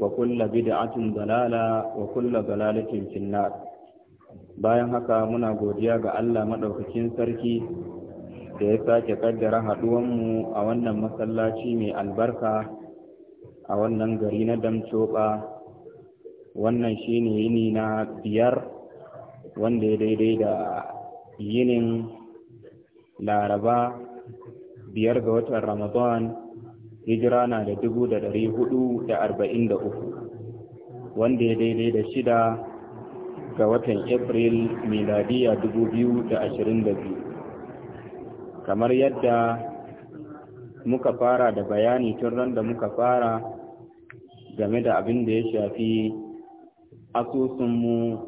وكل بدعة ضلالة وكل ضلالة في النار bayan haka muna godiya ga Allah maɗaukakin sarki da ya sake ƙaddara haɗuwanmu a wannan masallaci mai albarka a wannan gari na damcoɓa wannan ne yini na biyar wanda ya daidai da yinin laraba biyar ga watan ramadan hijira na da dubu da dari hudu da arba'in da uku wanda ya daidai da shida ga watan april miladiya dubu biyu da ashirin da biyu kamar yadda muka fara da bayani tun ran da muka fara game da abin da ya shafi asusunmu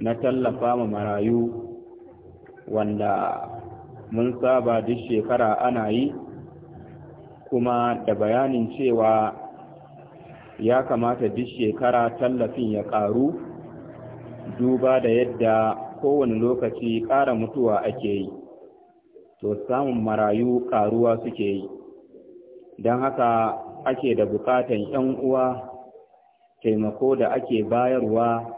na tallafa ma marayu wanda mun saba duk shekara ana yi kuma da bayanin cewa ya kamata duk shekara tallafin ya ƙaru duba da yadda kowane lokaci ƙara mutuwa ake yi to samun marayu ƙaruwa suke yi don haka ake da bukatan 'yan uwa taimako da ake bayarwa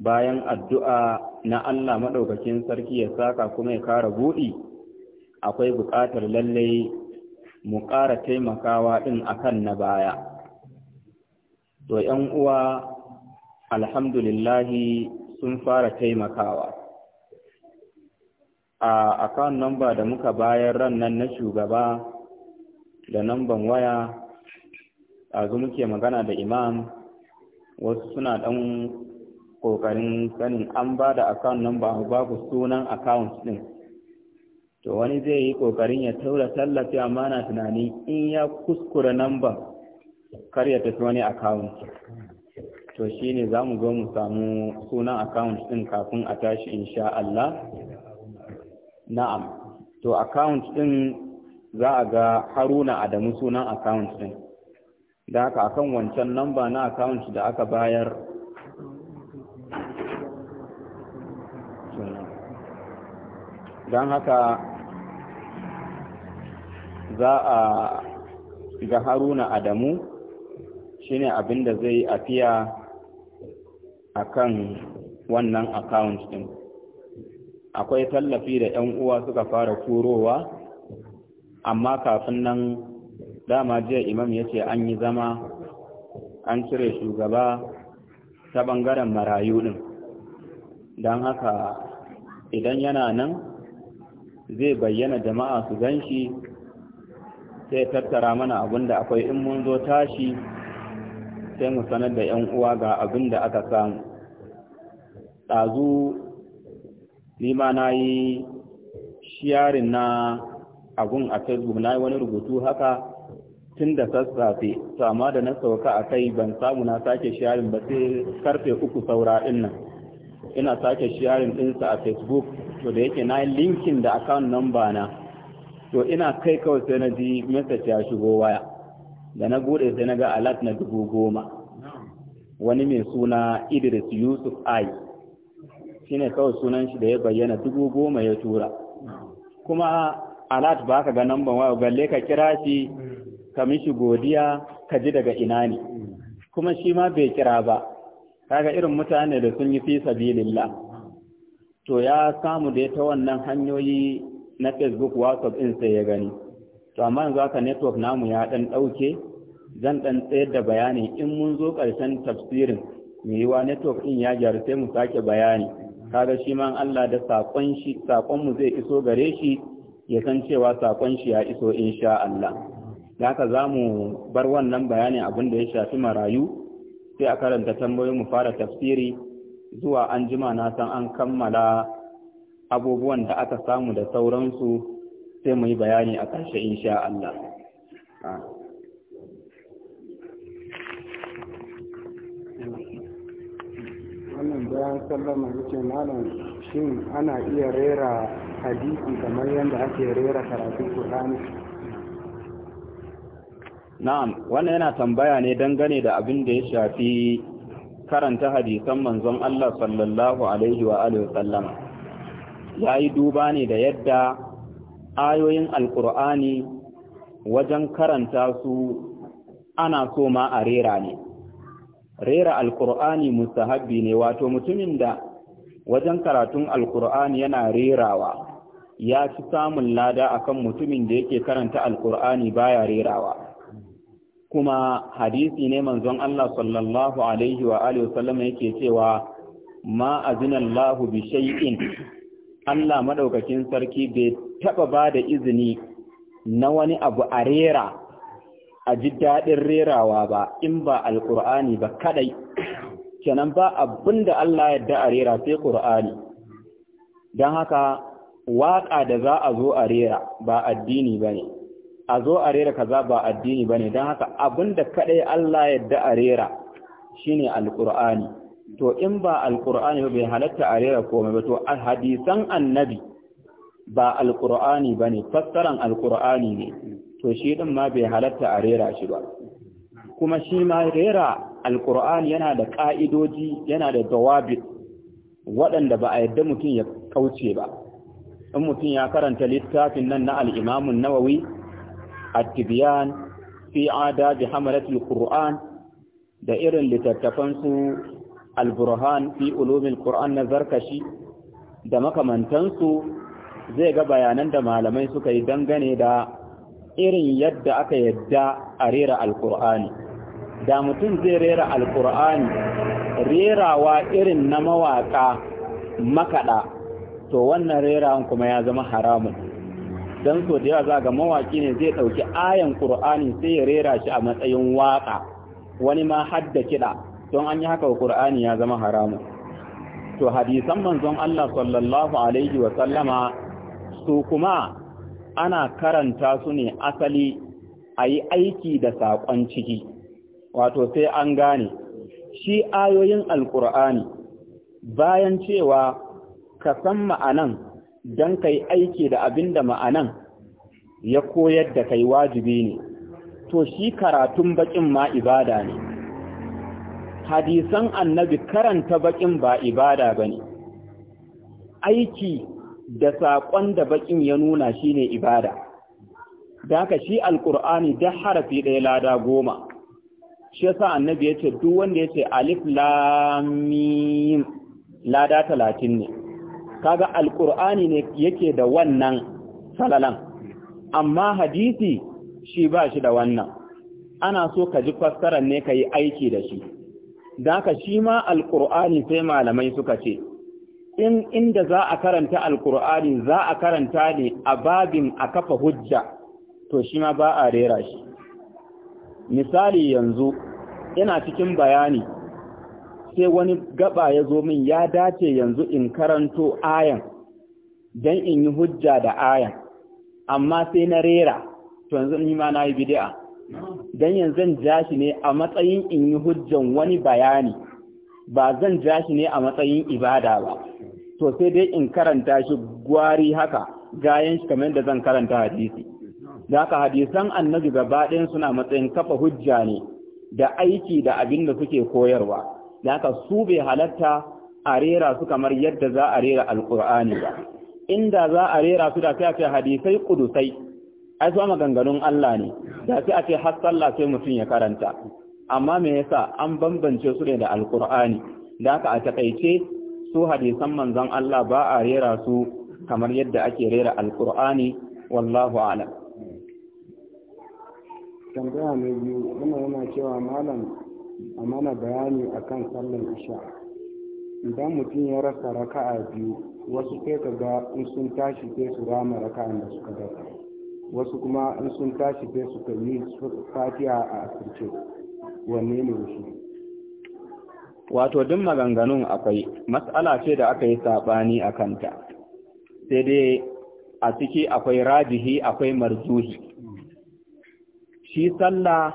bayan addu'a na Allah maɗaukakin sarki ya saka kuma ya kara buɗi akwai buƙatar lallai mu ƙara taimakawa ɗin akan na baya. To, ‘yan uwa, alhamdulillahi sun fara taimakawa. A akawun namba da muka bayar ran nan na shugaba da namban waya, ɗazu muke magana da imam, wasu suna ɗan ƙoƙarin sanin an ba da akawun namba babu sunan akawun ɗin. to wani zai yi kokarin ya taura tallafi amma na tunani in ya kuskura namba kar ya tafi wani account to shine za mu zo mu samu sunan account din kafin a tashi insha Allah na'am to account din za a ga Haruna Adamu sunan account din da haka akan wancan namba na account da aka bayar don haka za a ga haruna adamu shine da zai afiya kan wannan account ɗin. akwai tallafi da 'yan uwa suka fara kurowa amma kafin nan dama jiya imam ya ce an yi zama an cire shugaba ta bangaren marayu ɗin don haka idan yana nan zai bayyana jama'a su gan shi sai tattara mana abin da akwai in mun zo tashi sai mu sanar da ‘yan uwa ga abin da aka samu ɗazu nima na yi shiyarin na abun a facebook na wani rubutu haka tun da sassafe to amma da na sauka a kai ban samu na sake shiyarin ba sai karfe uku saura dinnan ina sake shiyarin ɗinsa a facebook to da yake na linkin da account number na to ina kai kawai sai na ji message ya shigo waya da na bude sai na ga alat na dubu goma wani mai suna idris yusuf ai shine kawai sunan shi da ya bayyana dubu goma ya tura kuma alat ba ka ga namban waya balle ka kira shi ka mishi godiya ka ji daga ina ne kuma shi ma bai kira ba kaga irin mutane da sun yi fi sabilillah to ya samu da ta wannan hanyoyi na facebook whatsapp ɗin sai ya gani to amma yanzu haka network namu ya ɗan ɗauke zan ɗan tsayar da bayani in mun zo ƙarshen tafsirin mai yiwa network ɗin ya gyaru sai mu sake bayani kaga shi ma Allah da saƙon shi saƙon mu zai iso gare shi ya san cewa saƙon shi ya iso insha Allah da haka za mu bar wannan bayani abin da ya shafi marayu sai a karanta tambayoyin mu fara tafsiri zuwa an jima na san an kammala abubuwan da aka samu da sauransu sai mu yi bayani a ƙarshe insha Allah. wannan bayan sallama wuce malam shin ana iya rera hadisi kamar yadda ake rera karatun Qur'ani Na'am wannan yana tambaya ne dangane da abin da ya shafi karanta hadisan manzon Allah sallallahu alaihi wa Alaihi wa sallama ya yi duba ne da yadda ayoyin alkur'ani wajen karanta su ana so ma a rera ne rera alkur'ani mustahabbi ne wato mutumin da wajen karatun alkur'ani yana rerawa ya ci samun lada akan mutumin da yake karanta alkur'ani baya rerawa kuma hadisi ne manzon Allah sallallahu alaihi wa alihi wasallam yake cewa ma azinallahu bi shay'in Allah madaukakin sarki bai taɓa ba da izini na wani abu a rera a ji daɗin rerawa ba in ba alƙur'ani ba kadai kenan ba abin da Allah yadda a rera sai ƙur'ani don haka waƙa da za a zo a rera ba addini ba ne a zo a rera kaza ba addini ba ne don haka abin da kadai Allah yadda a rera shine alƙur'ani to in ba alqur'ani bai halatta a rera komai ba to hadisan annabi ba alqur'ani bane fassaran alqur'ani ne to shi din ma bai halatta a rera shi ba kuma shi ma rera alqur'ani yana da ka'idoji yana da jawabi waɗanda ba a yadda mutum ya kauce ba in mutum ya karanta littafin nan na al'imamun nawawi at-tibyan fi adabi hamalatul qur'an da irin littattafan al fi ulumin qur'an na zarkashi da makamantansu zai ga bayanan da malamai suka yi dangane da irin yadda aka yadda a rera alkur'ani da mutum zai rera alkur'ani rerawa irin na mawaka makaɗa to wannan rerawan kuma ya zama haramun don so da yawa za ga mawaki ne zai ɗauki ayan ƙur'ani sai ya rera shi a matsayin waka. wani ma hadda kiɗa don an yi haka wa Qur'ani ya zama haramu to hadisan manzon Allah sallallahu alaihi wa sallama su kuma ana karanta su ne asali ayi aiki da saƙon ciki wato sai an gane shi ayoyin alqur'ani bayan cewa ka san ma'anan dan kai aiki da abinda ma'anan ya koyar da kai wajibi ne to shi karatun baƙin ma ibada ne hadisan annabi karanta bakin ba ibada ba ne aiki da saƙon da bakin ya nuna shine ibada da haka shi alƙur'ani da harafi ɗaya lada goma shi yasa annabi ya ce duk wanda ya ce alif lamim lada talatin ne kaga alƙur'ani ne yake da wannan salalan amma hadisi shi ba shi da wannan ana so ka ji fassarar ne ka yi aiki da shi da haka shi ma alƙur'ani sai malamai suka ce in inda za a karanta alƙur'ani za a karanta ne a babin a kafa hujja to shi ma ba a rera shi misali yanzu ina cikin bayani sai wani gaba ya zo min ya dace yanzu in karanto ayan don in yi hujja da ayan amma sai na rera to yanzu ni ma na yi bid'a dan yanzu ja shi ne a matsayin in yi hujjan wani bayani ba zan ja shi ne a matsayin ibada ba to sai dai in karanta shi gwari haka gayan shi kamar yadda zan karanta hadisi da haka hadisan annabi gaba ɗayan suna matsayin kafa hujja ne da aiki da abin da suke koyarwa da haka su bai halatta a rera su kamar yadda za a rera alkur'ani ba inda za a rera su da sai a hadisai kudusai ai zuwa maganganun Allah ne da sai a ce har sallah sai mutum ya karanta amma me yasa an bambance su ne da alkur'ani da aka a takaice su hadisan manzon Allah ba a rera su kamar yadda ake rera alkur'ani wallahu a'lam tambaya mai biyu wannan yana cewa malam a mana bayani akan sallar isha idan mutum ya rasa raka'a biyu wasu sai ka in sun tashi sai su rama raka'an da suka dafa wasu kuma in sun tashi sai su kalli fatiya a asirce wanne ne shi wato duk maganganun akwai matsala ce da aka yi saɓani a kanta sai dai a ciki akwai rajihi akwai marzuhi shi sallah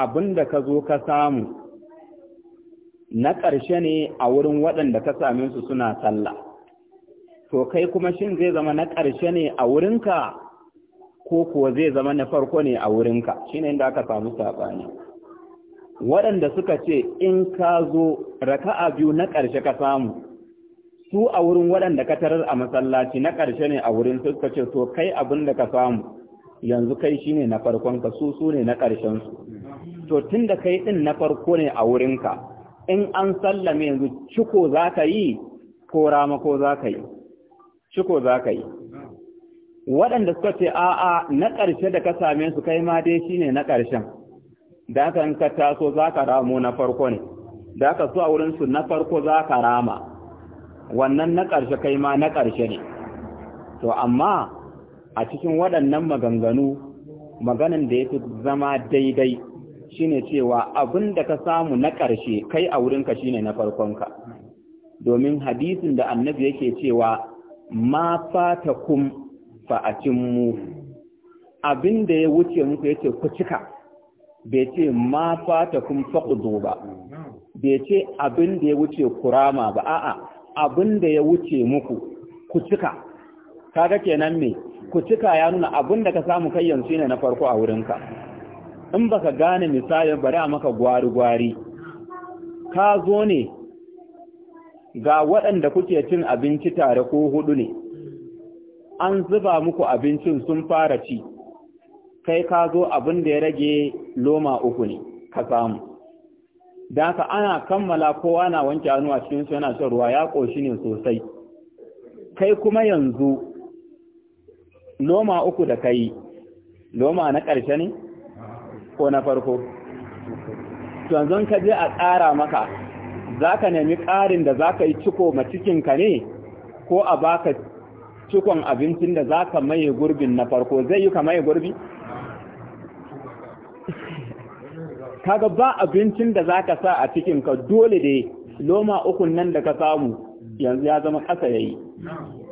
abinda ka zo ka samu na ƙarshe ne a wurin waɗanda ka same su suna sallah to kai kuma shin zai zama na ƙarshe ne a wurinka ko kuwa zai zama na farko ne a wurinka ne inda aka samu saɓani waɗanda suka ce in ka zo raka'a biyu na ƙarshe ka samu su a wurin waɗanda ka tarar a masallaci na ƙarshe ne a wurin suka ce to kai abin da ka samu yanzu kai shi ne na farkon ka su su ne na ƙarshen su to da kai ɗin na farko ne a wurinka in an sallame yanzu ciko za ka yi ko rama ko za ka yi ciko za ka yi waɗanda suka ce a'a na ƙarshe da ka same su kai ma dai shine na ƙarshen da ka in ka taso za ka ramu na farko ne da ka so a wurinsu na farko za ka rama wannan na ƙarshe kai ma na ƙarshe ne to amma a cikin waɗannan maganganu maganan da ya zama daidai shine cewa abin da ka samu na ƙarshe kai a wurinka shine na farkonka domin hadisin da annabi yake cewa ma fata cin mu abin da ya wuce muku ce ku cika bai ce ma fata kun faƙudu ba bai ce abin da ya wuce kurama ba a'a abin da ya wuce muku ku cika kaga kenan me ku cika ya nuna abin da ka samu kai yanzu ne na farko a wurinka in baka gane misali bari a maka gwari-gwari ka zo ne ga waɗanda kuke cin abinci tare ko hudu ne an zuba muku abincin sun fara ci kai ka zo abin da ya rage loma uku ne ka samu da ka ana kammala kowa na wanke hannu a cikin su yana shan ruwa ya ƙoshi ne sosai kai kuma yanzu loma uku da kai loma na ƙarshe ne ko na farko yanzu ka je a ƙara maka za ka nemi ƙarin da za ka yi ciko ma cikinka ne ko a baka cikon abincin da za ka maye gurbin na farko zai yi ka maye gurbi? kaga ba abincin da za ka sa a cikinka dole da loma ukun nan da ka samu yanzu ya zama ƙasa ya yi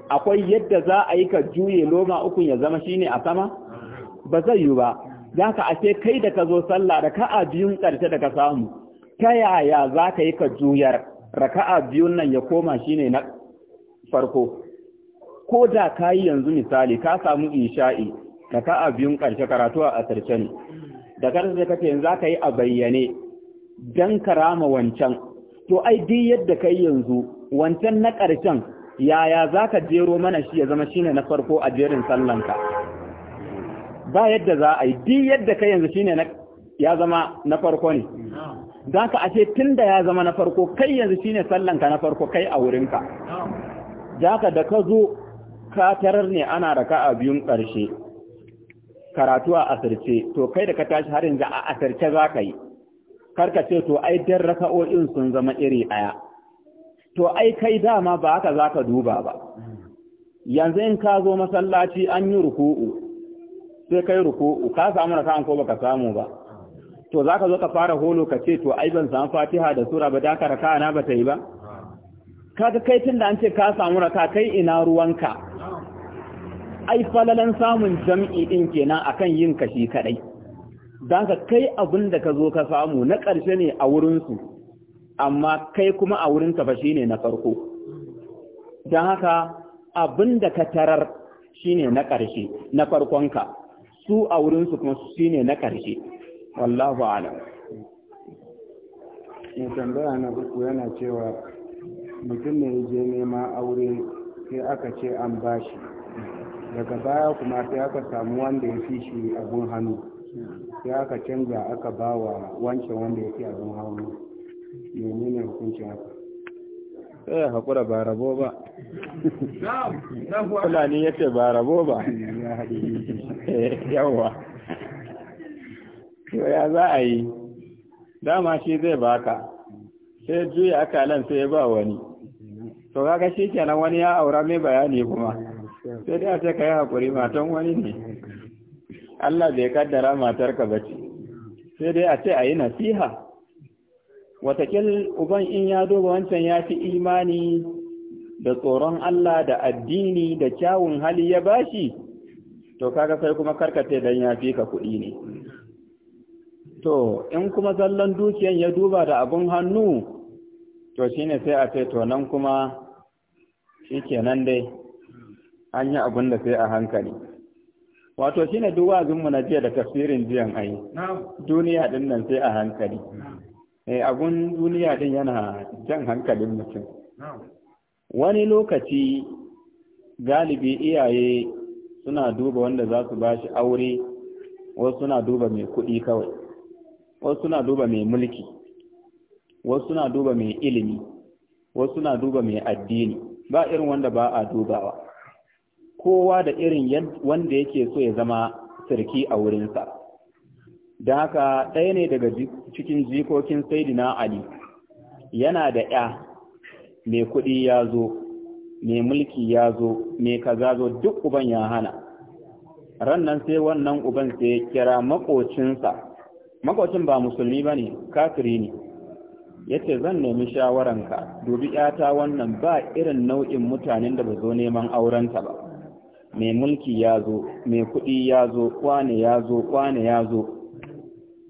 akwai yadda za a yi ka juye loma ukun ya zama shine a sama ba zai yi ba za ka ashe kai da ka zo sallah da ka'a biyun ƙarshe da ka samu ta yaya za ka yi ka juyar raka'a biyun nan ya koma shine na farko ko da ka yi yanzu misali ka samu insha'i ka ka a biyun ƙarshe karatu a asirce ne da karsa ka ce za ka yi a bayyane don karama wancan to ai duk yadda ka yi yanzu wancan na ƙarshen yaya za ka jero mana shi ya zama shine na farko a jerin sallanka ba yadda za a yi duk yadda ka yanzu shine na ya zama na farko ne za ka ashe tun da ya zama na farko kai yanzu shine sallanka na farko kai a wurinka za ka da ka zo ka ne ana raka a biyun ƙarshe karatu a asirce to kai da ka tashi har za a asirce za ka yi karka ce to ai dan raka'o'in sun zama iri ɗaya to ai kai dama ba haka za ka duba ba yanzu in ka zo masallaci an yi ruku'u sai kai ruku'u ka samu raka ko baka samu ba to za ka zo ka fara holo ka ce to ai ban samu fatiha da sura ba da ka na ba ta yi ba kaga kai tun da an ce ka samu raka kai ina ruwanka ai falalan samun jam'i din kenan akan yin kashi kadai dan ka kai abin da ka zo ka samu na ƙarshe ne a wurin su amma kai kuma a wurin ka fa shine na farko dan haka abin da ka tarar shine na ƙarshe na farkon ka su a wurin su kuma shine na ƙarshe wallahu a'lam mai tambaya na uku yana cewa mutum ne ya je nema aure sai aka ce an bashi daga baya kuma sai aka samu wanda ya fi shi abun hannu sai aka canza aka ba wa wancan wanda ya fi abun hannu menene hukuncin haka sai eh, haƙura ba rabo ba fulani ya ce ba rabo ba eh, yawwa ya za a yi dama shi zai baka sai juya akalan sai ya ba wani to kaga shi kenan wani ya aura mai bayani kuma sai dai a ce ka yi haƙuri matan wani ne Allah bai kaddara matarka ba ce sai dai a ce a yi nasiha watakil uban in ya duba wancan ya fi imani da tsoron Allah da addini da kyawun hali ya bashi to kaga sai kuma karkace dan ya fi ka kuɗi ne to in kuma zallan dukiyan ya duba da abun hannu to shine sai a ce to nan kuma shikenan dai an yi abin da sai a hankali wato shi ne zunmu na jiya da tafsirin jiyan ai duniya din nan sai a hankali eh abun duniya din yana jan hankalin mutum wani lokaci galibi iyaye suna duba wanda za su ba shi aure wasu suna duba mai kuɗi kawai wasu suna duba mai mulki wasu suna duba mai ilimi wasu suna duba mai addini ba irin wanda ba a dubawa kowa da irin wanda yake so ya zama sarki a wurinsa da haka ɗaya ne daga cikin jikokin saidina ali yana da ya mai kuɗi ya zo mai mulki ya zo mai kaza zo duk uban ya hana rannan sai wannan uban sai ya kira maƙocinsa. makocin ba musulmi ba ne kafiri ne ya ce zan nemi shawaranka dubi 'yata wannan ba irin nau'in mutanen da ba zo neman aurenta ba mai mulki ya zo mai kuɗi ya zo wane ya zo wane ya zo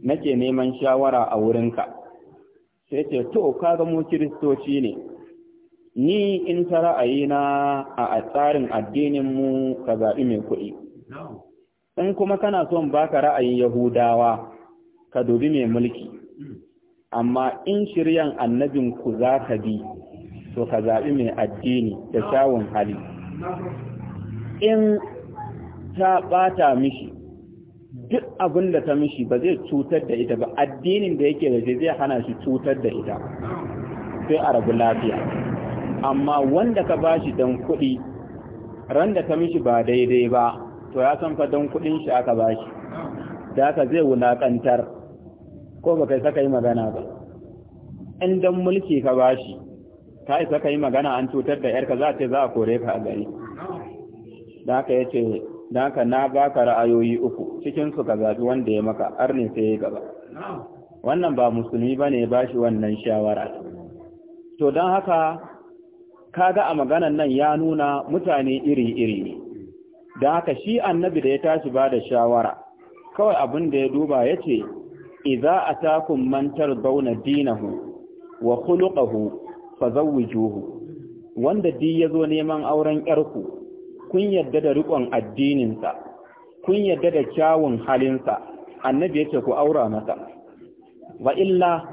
nake neman shawara a wurinka sai ce to ka mu kiristoci ne ni in ta ra'ayina a tsarin addininmu ka zaɓi mai kuɗi in kuma kana son baka ra'ayin yahudawa ka dubi mai mulki amma in shiryan annabinku za ka bi to ka zaɓi mai addini da kyawun hali in ta ɓata mishi duk abin da ta mishi ba zai cutar da ita ba addinin da yake da zai hana shi cutar da ita sai a rabu lafiya amma wanda ka ba shi don kuɗi ran da ta mishi ba daidai ba to ya san fa don kuɗin shi aka ba shi da aka zai wulaƙantar ko ba kai saka yi magana ba in don mulki ka ba shi ka isa ka yi magana an cutar da yarka za ce za a kore ka a gari da ya yace da aka na baka ra'ayoyi uku cikinsu su ka zabi wanda ya maka arni sai ya gaba wannan ba musulmi bane ba shi wannan shawara to don haka kaga a maganan nan ya nuna mutane iri-iri ne haka shi annabi da ya tashi ba da shawara kawai abin da ya duba ya ce iza a takun mantar zauna dinahu wa kulukahu fa wanda di ya zo neman auren yarku kun yadda da riƙon addininsa kun yadda da kyawun halinsa annabi yace ku aura masa wa illa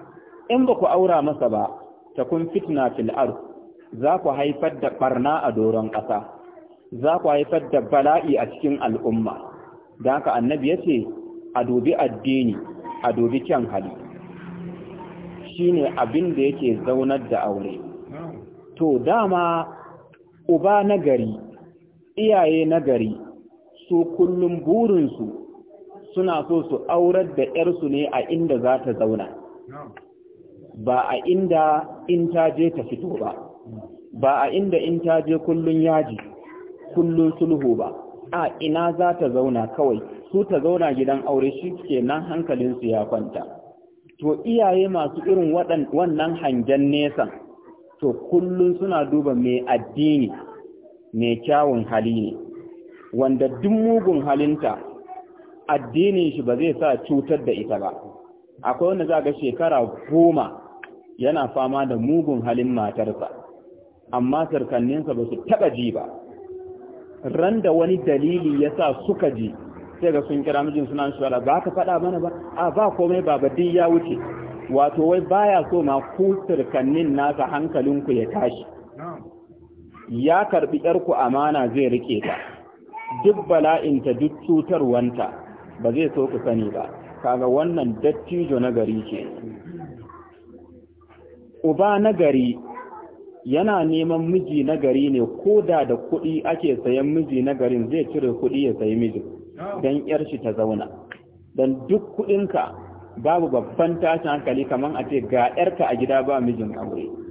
in ba ku aura masa ba ta kun fitna fil’ar, za ku haifar da ɓarna a doron ƙasa za ku haifar da bala'i a cikin al'umma da haka annabi yace a dubi addini a dubi kyan hali Shi ne abin da yake zaunar da aure to dama uba nagari iyaye nagari su kullum burinsu suna so su aurar da ‘yarsu ne a inda za ta zauna, ba a inda in ta je ta fito ba, ba a inda in ta je kullum yaji, kullum sulhu ba, a ina za ta zauna kawai, su ta zauna gidan aure shi ke nan hankalinsu ya kwanta. To iyaye masu irin wannan hangen nesa to kullum suna duba mai addini. mai kyawun hali ne wanda duk mugun halinta addinin shi ba zai sa cutar da ita ba akwai wanda za ga shekara goma yana fama da mugun halin matarsa amma sarkanninsa ba su taɓa ji ba ran da wani dalili ya sa suka ji sai ga sun kira mijin suna shawara ba ka faɗa mana ba a ba komai babadin ya wuce wato wai baya so ma ku sarkannin nasa hankalinku ya tashi ya karbi ƴarku amana zai rike ta duk bala'inta duk cutarwanta ba zai so ku sani ba kaga wannan dattijo na gari ce uba na gari yana neman miji na gari ne ko da da kuɗi ake sayan miji na garin zai cire kuɗi ya sayi miji don yar shi ta zauna Dan duk kuɗinka babu babban tashin hankali kamar a ce ga yarka a gida ba mijin aure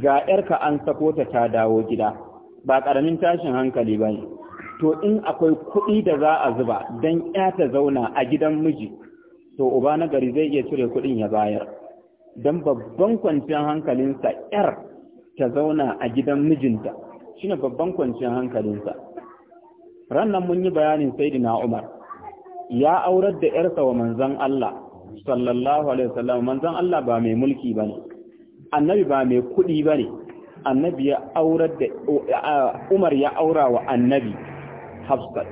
ga ‘yarka an sako ta ta dawo gida, ba ƙaramin tashin hankali ba To in akwai kuɗi da za a zuba don ‘ya ta zauna a gidan miji, to uba na gari zai iya cire kuɗin ya bayar. Don babban kwanciyar hankalinsa ‘yar ta zauna a gidan mijinta, shi ne babban kwanciyar hankalinsa. Rannan mun yi bayanin dina Umar, ya aurar da ‘yarsa wa manzan Allah, sallallahu Alaihi wasallam, manzan Allah ba mai mulki ba ne. annabi ba mai kuɗi ba ne annabi ya aurar da umar ya aura wa annabi hafsat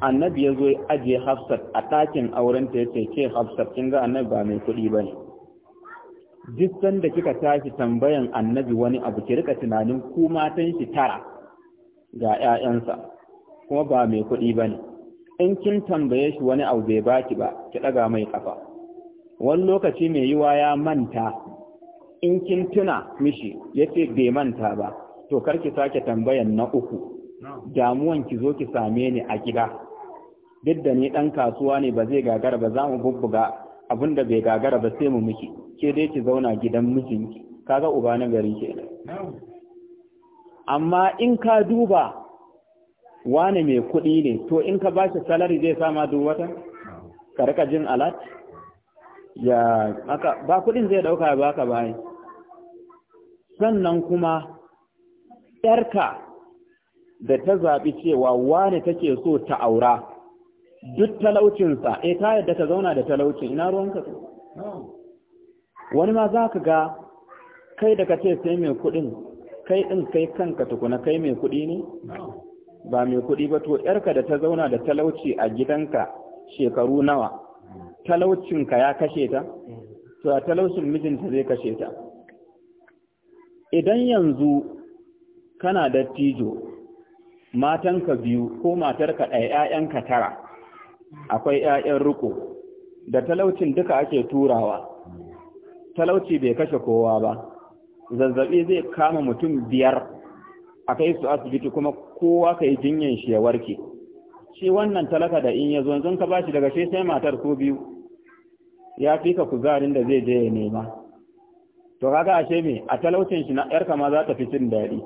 annabi ya zo ya ajiye hafsat a ɗakin aurenta ya ce ke hafsat kin ga annabi ba mai kuɗi ba ne duk sanda kika tashi tambayan annabi wani abu ki rika tunanin ku matan shi tara ga ƴaƴansa kuma ba mai kuɗi ba ne in kin tambaye shi wani abu bai baki ba ki ɗaga mai kafa wani lokaci mai yiwa ya manta in kin tuna mishi yace bai manta ba to kar ki sake tambayan na uku damuwan ki zo ki same ni a gida duk da ni dan kasuwa ne ba zai gagara ba za mu bubbuga abin da bai gagara ba sai mu miki ke dai ki zauna gidan mijinki kaga uba na gari ke amma in ka duba wane mai kuɗi ne to in ka bashi salari zai sama duk wata ka rika jin alat ya aka ba kuɗin zai dauka ya baka bayan sannan kuma ‘yarka da ta zaɓi cewa wane take so ta aura duk talaucinsa, e ta yadda ta zauna da talaucin ina ruwanka su. Wani ma za ka ga kai da ka ce sai mai kuɗin, kai ɗin kai kanka tukuna kai mai kuɗi ne? Ba mai kuɗi ba to ‘yarka da ta zauna da talauci a gidanka shekaru nawa, talaucinka ya kashe ta? To a talaucin mijinta zai kashe ta. idan yanzu kana dattijo matanka biyu ko matarka ɗaya ‘ya'yanka tara akwai ‘ya'yan riko da talaucin duka ake turawa talauci bai kashe kowa ba zazzabi zai kama mutum biyar a kai su asibiti kuma kowa ka yi jinyan shi ya warke shi wannan talaka da in yazo, zo ka ba shi daga shi sai matar ko biyu ya fi kuzarin da zai je ya nema to kaga ashe me a talaucin shi na yarka ma za ta fi cin daɗi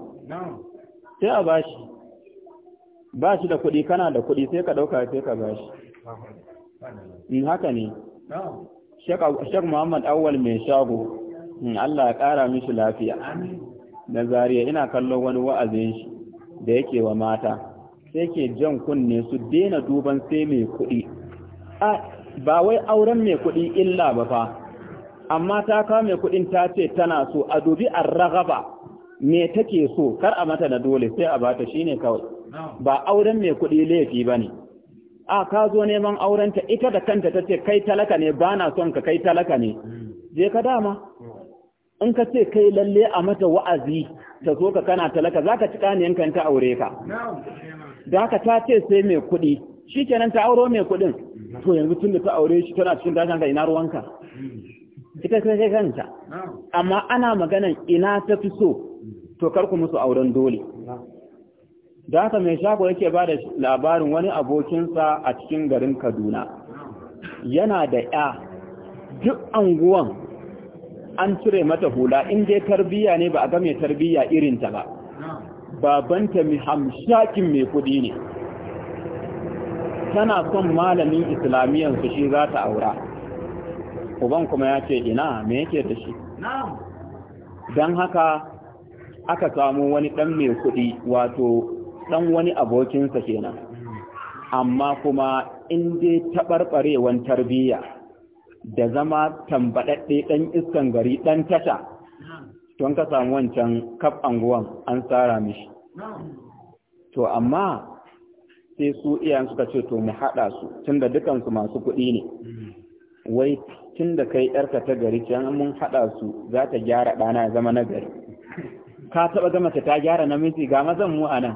sai a bashi bashi da kuɗi kana da kuɗi sai ka ɗauka sai ka bashi in mm, haka ne Shek Muhammad Awwal mai shago mm, Allah ya ƙara mishi lafiya na zariya ina kallon wani wa'azin shi da yake wa mata sai ke jan kunne su daina duban sai mai kuɗi ba wai auren mai kuɗi illa ba fa amma ta kawo mai ta ce tana so a dubi an ragaba me take so kar a mata na dole sai a bata shine kawai ba auren mai kuɗi laifi ba ne a ka zo neman aurenta ita da kanta ta ce kai talaka ne ba na son ka kai talaka ne hmm. je ka dama in ka ce kai lalle a mata wa'azi ta zo ka kana talaka za ka ci ƙaniyanka ta aure ka da haka ta ce sai mai shi kenan ta auro mai kuɗin hmm. to yanzu tun da ta aure shi tana cikin tashin ka ina ruwanka hmm. ita sai sai amma ana maganan ina ta fi so to karku musu auren dole da haka mai shago yake ba da labarin wani abokinsa a cikin garin kaduna yana da ya duk anguwan an cire mata hula in dai tarbiyya ne ba a game tarbiyya ta ba babanta mai hamshakin mai kudi ne tana son malamin islamiyyar su shi za ta aura uban kuma ya ce ina me yake da shi don haka aka samu wani ɗan mai kuɗi wato ɗan wani abokinsa kenan amma kuma in dai taɓarɓarewan tarbiyya da zama tambaɗaɗɗe ɗan iskan gari ɗan tasha don ka samu wancan kaf anguwan an tsara mishi to amma sai su iyayen suka ce to mu haɗa su tunda dukansu masu kuɗi ne mm. wai tun da kai yarka ta gari can mun haɗa su za ta gyara ɗana ya zama na gari ka taɓa ga mace ta gyara namiji ga mazan mu a nan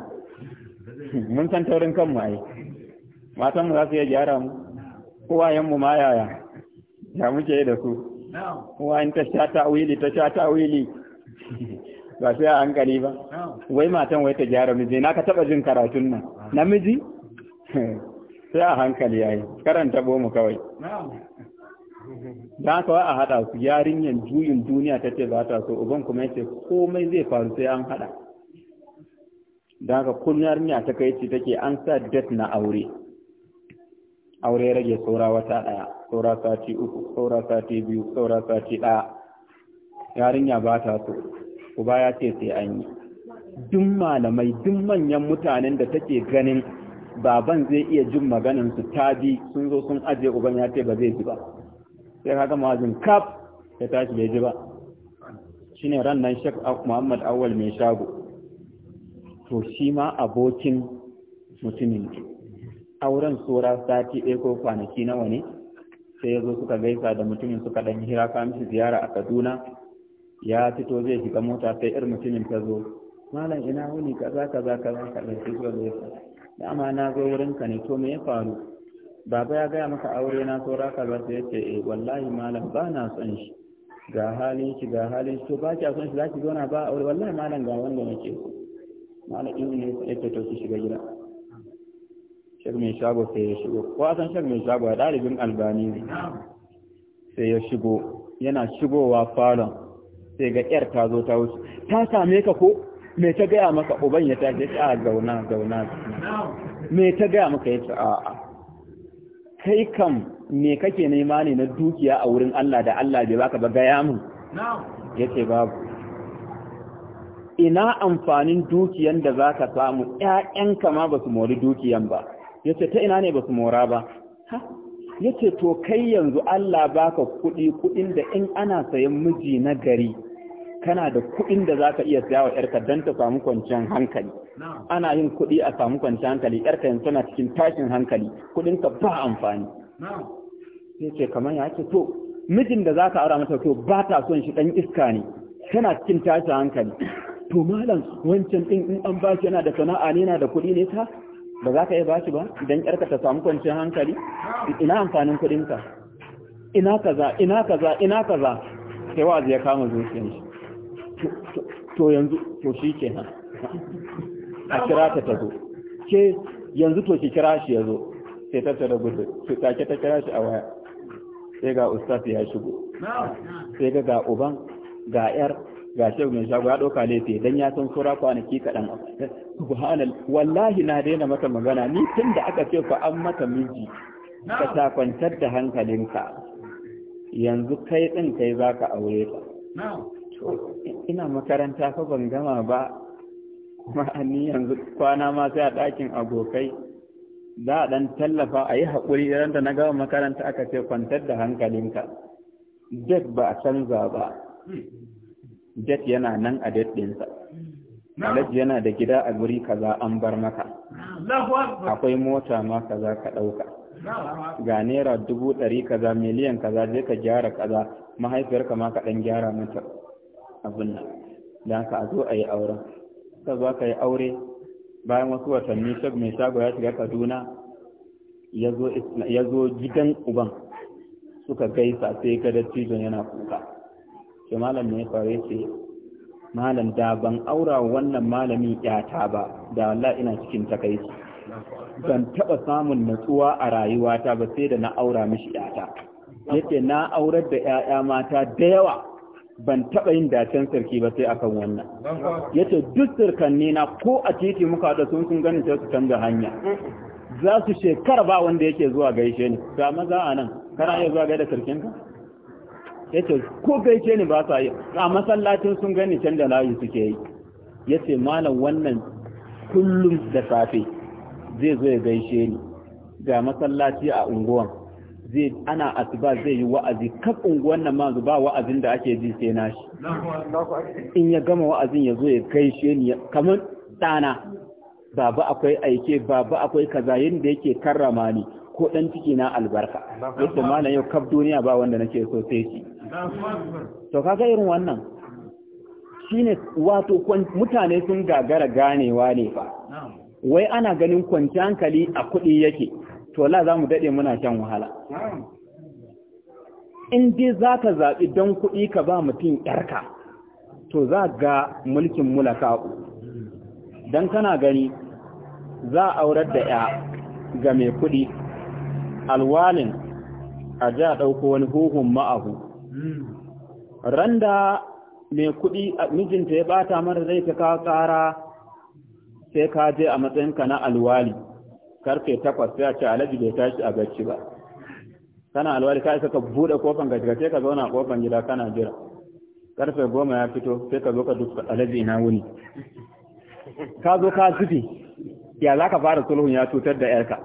mun san taurin kanmu ai matan mu za su iya gyara mu 'yan mu ma yaya ya muke da su uwa in ta sha ta'wili ta sha ta'wili ba sai a hankali ba wai matan wai ta gyara miji na ka taɓa jin karatun nan namiji sai a hankali yayi karanta bomu kawai da haka wa a haɗa su yarinyar juyin duniya ta ce ba ta so uban kuma yace komai zai faru sai an haɗa da haka kun yarinya ta kai ce take an sa det na aure aure rage saura wata ɗaya saura sati uku saura sati biyu saura sati ɗaya yarinya ba ta so uba ya ce sai an yi duk malamai duk manyan mutanen da take ganin baban zai iya jin maganin su ta bi sun zo sun ajiye uban ya ce ba zai ji ba sai kaga mazin kaf ya tashi bai ji ba shine ran nan shek Muhammad Awwal mai shago to shi ma abokin mutumin auren tsora sati ɗaya ko kwanaki nawa ne sai ya zo suka gaisa da mutumin suka ɗan hira ka mishi ziyara a kaduna ya fito zai shiga mota sai ir mutumin ta zo malam ina wuni kaza kaza kaza kaza sai zo da amma na zo wurin ka ne to me ya faru baba ya gaya maka aure na saura kalwarsa ya ce eh wallahi malam ba na son shi ga halin shi ga halin shi to ba kya son shi za ki zauna ba aure wallahi malam ga wanda nake so malam in ne ya ce to shi shiga gida shek mai shago sai ya shigo ko san shek mai shago a ɗalibin albani ne sai ya shigo yana shigowa falon sai ga yar ta zo ta wuce ta same ka ko me ta gaya maka uban ya tashi ya ce a gauna gauna me ta gaya maka ya ce a'a kai kam me kake nema ne na dukiya a wurin Allah da Allah bai baka ba gaya Ya yace babu ina amfanin dukiyan da zaka samu ƴaƴanka ma ba su mori dukiyan ba yace ta ina ne ba su mora ba ha yace to kai yanzu Allah baka kuɗi kuɗin da in ana sayan miji na gari kana da kuɗin da za ka iya siya wa ‘yarka don ta samu kwanciyar hankali. Ana yin kuɗi a samu kwanciyar hankali, ‘yarka yanzu suna cikin tashin hankali, kuɗinka ba amfani. Sai ce kamar ya ce, to, mijin da za ka aura mata to ba ta son shi ɗan iska ne, tana cikin tashin hankali. To, malam wancan ɗin in an ba shi yana da sana'a ne yana da kuɗi ne ta? Ba za ka iya ba shi ba, idan ƴarka ta samu kwanciyar hankali? Ina amfanin kuɗinka? Ina kaza, ina kaza, ina kaza. Sai wa ya kama zuciyar shi. to yanzu to shi nan a kira ta tazo, ke yanzu to shi kira shi ya zo sai ta tara gudu su take ta kira shi a waya sai ga ustaz ya shigo sai ga ga uban ga yar ga shehu mai shago ya ɗauka laifi dan ya san sura kwanaki kaɗan subhanal wallahi na daina mata magana ni tun da aka ce fa an mata miji ka ta kwantar da hankalinka yanzu kai ɗin kai za ka aure ka. ina makaranta fa ban gama ba kuma ni yanzu kwana ma sai a ɗakin abokai za a ɗan tallafa a yi haƙuri idan da na gama makaranta aka ce kwantar da hankalinka det ba a canza ba det yana nan a det ɗinsa alhaji yana da gida a guri kaza an bar maka akwai mota ma kaza ka ɗauka ga naira dubu ɗari kaza miliyan kaza je ka gyara kaza mahaifiyarka ma ka ɗan gyara mata abin nan ka zo a yi auren ka zo ka yi aure bayan wasu watanni shag mai shago ya shiga kaduna ya zo gidan uban suka gaisa sai ga dattijon yana kuka ke malam ne faru ce malam da ban aura wannan malami yata ba da wallah ina cikin takaici ban taba samun natsuwa a rayuwata ba sai da na aura mishi yata Yake na aurar da 'ya'ya mata da yawa ban taɓa yin dacen sarki ba sai akan wannan ya ce duk sarkanni na ko a titi muka da sun sun ganin sai su canza hanya za su shekar ba wanda yake zuwa gaishe ni ga maza a nan kana iya zuwa gaida sarkinka ya ce ko gaishe ni ba sa yi a masallacin sun gani da layi suke yi ya ce malam wannan kullum da safe zai zo ya gaishe ni ga masallaci a unguwan zai ana asuba zai yi wa'azi kaf unguwan nan ma ba wa'azin da ake ji sai na shi in ya gama wa'azin ya zo ya kai shi ni kamar ɗana baba akwai aike baba akwai kaza yadda yake karrama ni ko ɗan ciki na albarka yadda malam yau kaf duniya ba wanda nake so sai shi to kaga irin wannan shine wato mutane sun gagara ganewa ne fa wai ana ganin kwanci hankali a kuɗi yake to wala za mu daɗe muna kyan wahala in dai za ka zaɓi don kuɗi ka ba mutum ɗarka, to za ga mulkin mulaka don kana gani za a aurar da ya ga mai kuɗi alwalin a ja ɗauko wani huhun ma'ahu randa mai kuɗi mijinta ya ɓata mara zai ta kawo ƙara sai ka je a matsayinka na alwali karfe takwas sai a ce alaji bai tashi a bacci ba kana alwali ka isa ka bude kofan ka shiga sai ka zauna a kofan gida kana jira karfe goma ya fito sai ka zo ka duk alaji ina wuni ka zo ka zubi ya za ka fara sulhun ya cutar da yarka